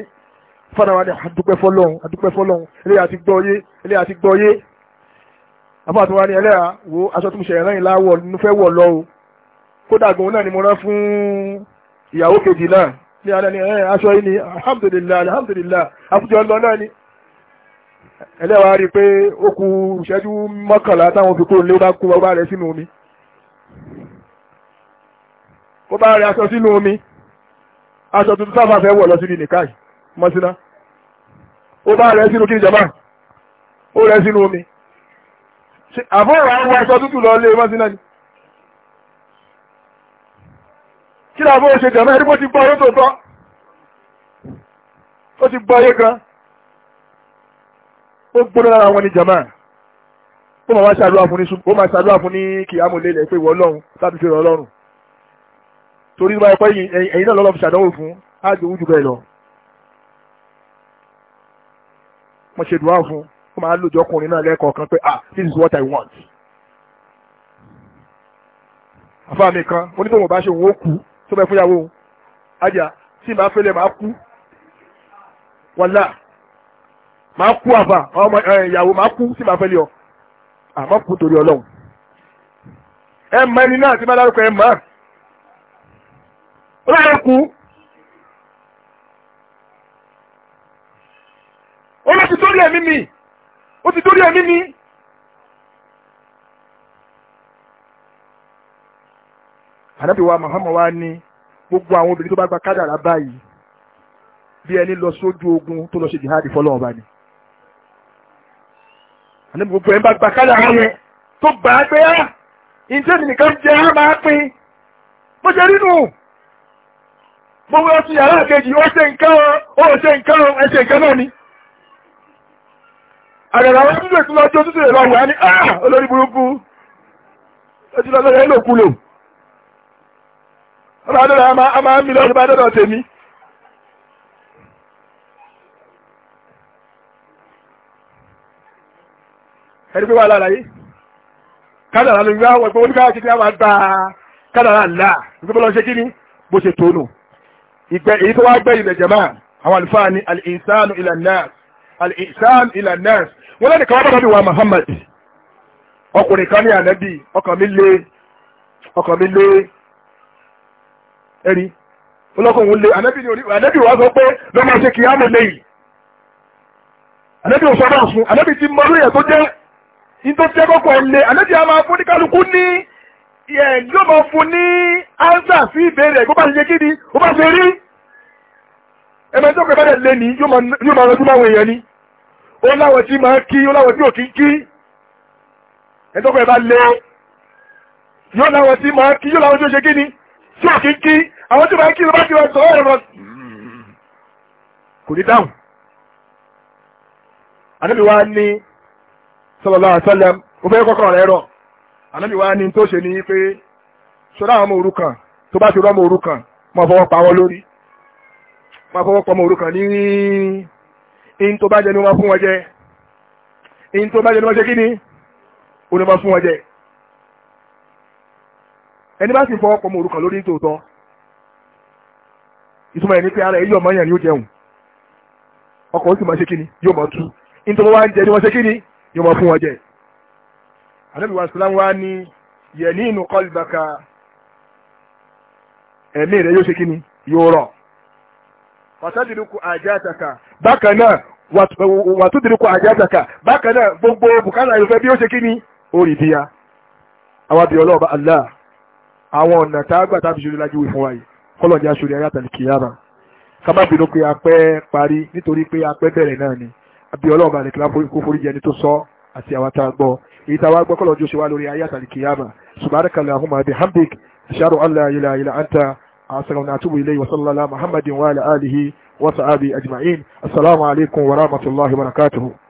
fọ́nà wa ni àdúpẹ́ fọlọ́run àdúpẹ́ fọlọ́run eléyà àti gbọ́ yé eléyà àti gbọ́ yé àbá tí wọ́n ní ẹlẹ́yà wo aṣọ tó ń ṣe ẹ̀rán ìláwọ̀ nínú fẹ́ wọ̀ lọ o kódà gan náà ni mo rán fún ìyàwó kejì náà ní alẹ́ ni aṣọ yìí ni alhamdulillah alhamdulillah àfùjọ lọ náà ni ẹlẹ́wàá rí i pé ó ku ìṣẹ́jú mọ́kànlá táwọn fi kúrò lé ó bá kú ọba rẹ̀ sínú omi ó bá rẹ̀ aṣọ sínú omi aṣọ tuntun sáfà fẹ́ wọ̀ lọ síbi nìkáì mọ́síná ó bá rẹ̀ sínú kí ìjọba ó rẹ̀ sínú omi àbúrò àwọn aṣọ tútù lọ lé mọ́síná ni kí làbọ̀ òṣèjọba ẹni bó ti gbọ́ ọdún tó tọ́ ó ti gbọ́ ayé gan-an ó gbóná lára wọn ní jama ó máa ṣàdúrà fún ní ṣubú ó máa ṣàdúrà fún ní kí amúlé ilẹ̀ pé ìwọ ọlọ́run sábì fi rọ ọlọ́run torí báyìí pé ẹ̀yin náà lọ́lọ́run ṣàdánwò fún á jẹ ojú bẹ́ẹ̀ lọ. wọ́n ṣe dùwà fún ó máa lòjọ́ ọkùnrin náà lẹ́kọ̀ọ́ kan pé ah this is what I want. àfa mi kan onítòwò bá ṣe òun ó kú tó bẹ fúyàwó òun ajá tí ì fẹ́lẹ̀ máa kú wàlá máa kú àfà ọmọ eh, ìyàwó máa kú sí máa fẹ́ lé ọ àmọ́ kú torí ọlọ́run ẹ mọ ẹni náà tí bá dárúkọ ẹ mọ ó láyé kú ó lọ ti dórí ẹ̀mí mi ó ti dórí ẹ̀mí mi. ànábì wa Muhammad wa ní gbogbo àwọn obìnrin tó bá gba kádàrá báyìí bí ẹni lọ sójú ogun tó lọ ṣe jihad fọlọ́wọ́n bá ní àní gbogbo ẹ̀ ń bá gbà kálẹ̀ ara yẹn tó gbà á pé á ah, ìjẹ́ni nìkan jẹ́ á máa pín bó ṣe rí nù mo wọ́n ti yàrá kejì ó ṣe nǹkan ó ṣe nǹkan ẹ ṣe nǹkan náà ni àgbàdo àwọn ojúṣe tó lọ jó ojúṣe lọ wà ní ah, olórí burúkú ojúṣe lọ lọ yẹn lòkulò ọba adọ́dọ̀ a máa mílíọ̀nù bá dọ́dọ̀ tèmi. ẹni pé wà lára yìí kádàrà ló ń gbá wọ́n pé wọ́n ní káyọ̀ kíkí àwọn àgbà kádàrà ńlá ní pé lọ́n ṣe kíni bó ṣe tónù ìgbẹ́ èyí tó wá gbẹ́ ilẹ̀ jẹ̀má àwọn àlùfáà ni al-ihsan ila nas al-ihsan ila nas wọ́n lẹ́nu kan wá bọ́dọ̀ bí wa Muhammad ọkùnrin kan ní ànábì ọkàn mi lé ọkàn mi lé ẹ̀rí olókùnrin lé ànábì wa sọ pé lọ́mọ ṣe kìí àmì lẹ́yìn ànábì sọ náà fún ànábì ti mọ lóyè tó jẹ́ nítorí tí ẹkọ́kọ́ ẹ lé àlejò àmà fún ní kálukú ní yóò máa fún ní ánsà sí ìbéèrè bó bá ṣe ṣe kí ni bó bá ṣe rí ẹmọ tí ó kẹ́ bẹ́ẹ̀ lé ní yóò máa rọjú máwọn èèyàn ni ó láwọn tí máa kí ó láwọn tí ò kí kí ẹ̀tọ́kọ̀ ẹ̀ bá lé yóò láwọn tí máa kí yóò láwọn tí ó ṣe kí ni tí ò kí kí àwọn tí máa kí ló bá kí sọ ọ̀rọ̀ kò ní dáhùn àdébíwá ní sallallahu alaihi wasallam ó fẹ́ kọ́kọ́ rẹ̀ rọ̀ ànábì wa ni tó ṣe ni pé ṣọ́dá àwọn ọmọ òrukàn tó bá ti rọ́ ọmọ òrukàn máa fọwọ́ pa wọ́n lórí máa fọwọ́ pa ọmọ òrukàn ní in tó bá jẹ ni wọ́n fún wọn jẹ in tó bá jẹ ni wọ́n ṣe kí ni ó ní wọ́n fún wọn jẹ ẹni bá sì fọwọ́ pa ọmọ òrukàn lórí tòótọ́ ìtumọ̀ ẹ̀ pé ara ẹ̀ yọ̀ mọ́yàn ni ó jẹun ọkọ̀ ó sì máa ṣe kí ni yóò máa tú in tó bá wá ń jẹ ni wọ́n ṣe kí ni yóò máa fún wọn jẹ anabi wa sàlám wa ni yẹni inú kọlbaka ẹ̀mí rẹ yóò ṣe kí ni yóò rọ wàtúndínlùkù àjàtàkà bákan náà wàtúndínlùkù àjàtàkà bákan náà gbogbo bùkánà ìfẹ́ bí yóò ṣe kí ni ó bíya àwọn abiyọ ọlọ́ọ̀bá Allah àwọn ọ̀nà tá a gbà tá a fi ṣe lájú fún wa yìí kọ́lọ̀ ní aṣọ ìrìn ayé àtàlìkì yára ká má bínú pé parí nítorí pé a bẹ̀rẹ̀ náà ni àbí ọlọ́run bá nìkan kó forí jẹni tó sọ àti àwọn tá a gbọ́ èyí tá a wá gbọ́ kọ́lọ́ ojú ṣe wá lórí ayé àtàlì kìyàmà subhanaka allahumma bihamdik ashhadu an la ilaha illa anta astaghfiruka wa atubu ilayk wa muhammadin wa alihi wa sahbihi ajma'in assalamu alaikum wa rahmatullahi wa barakatuhu.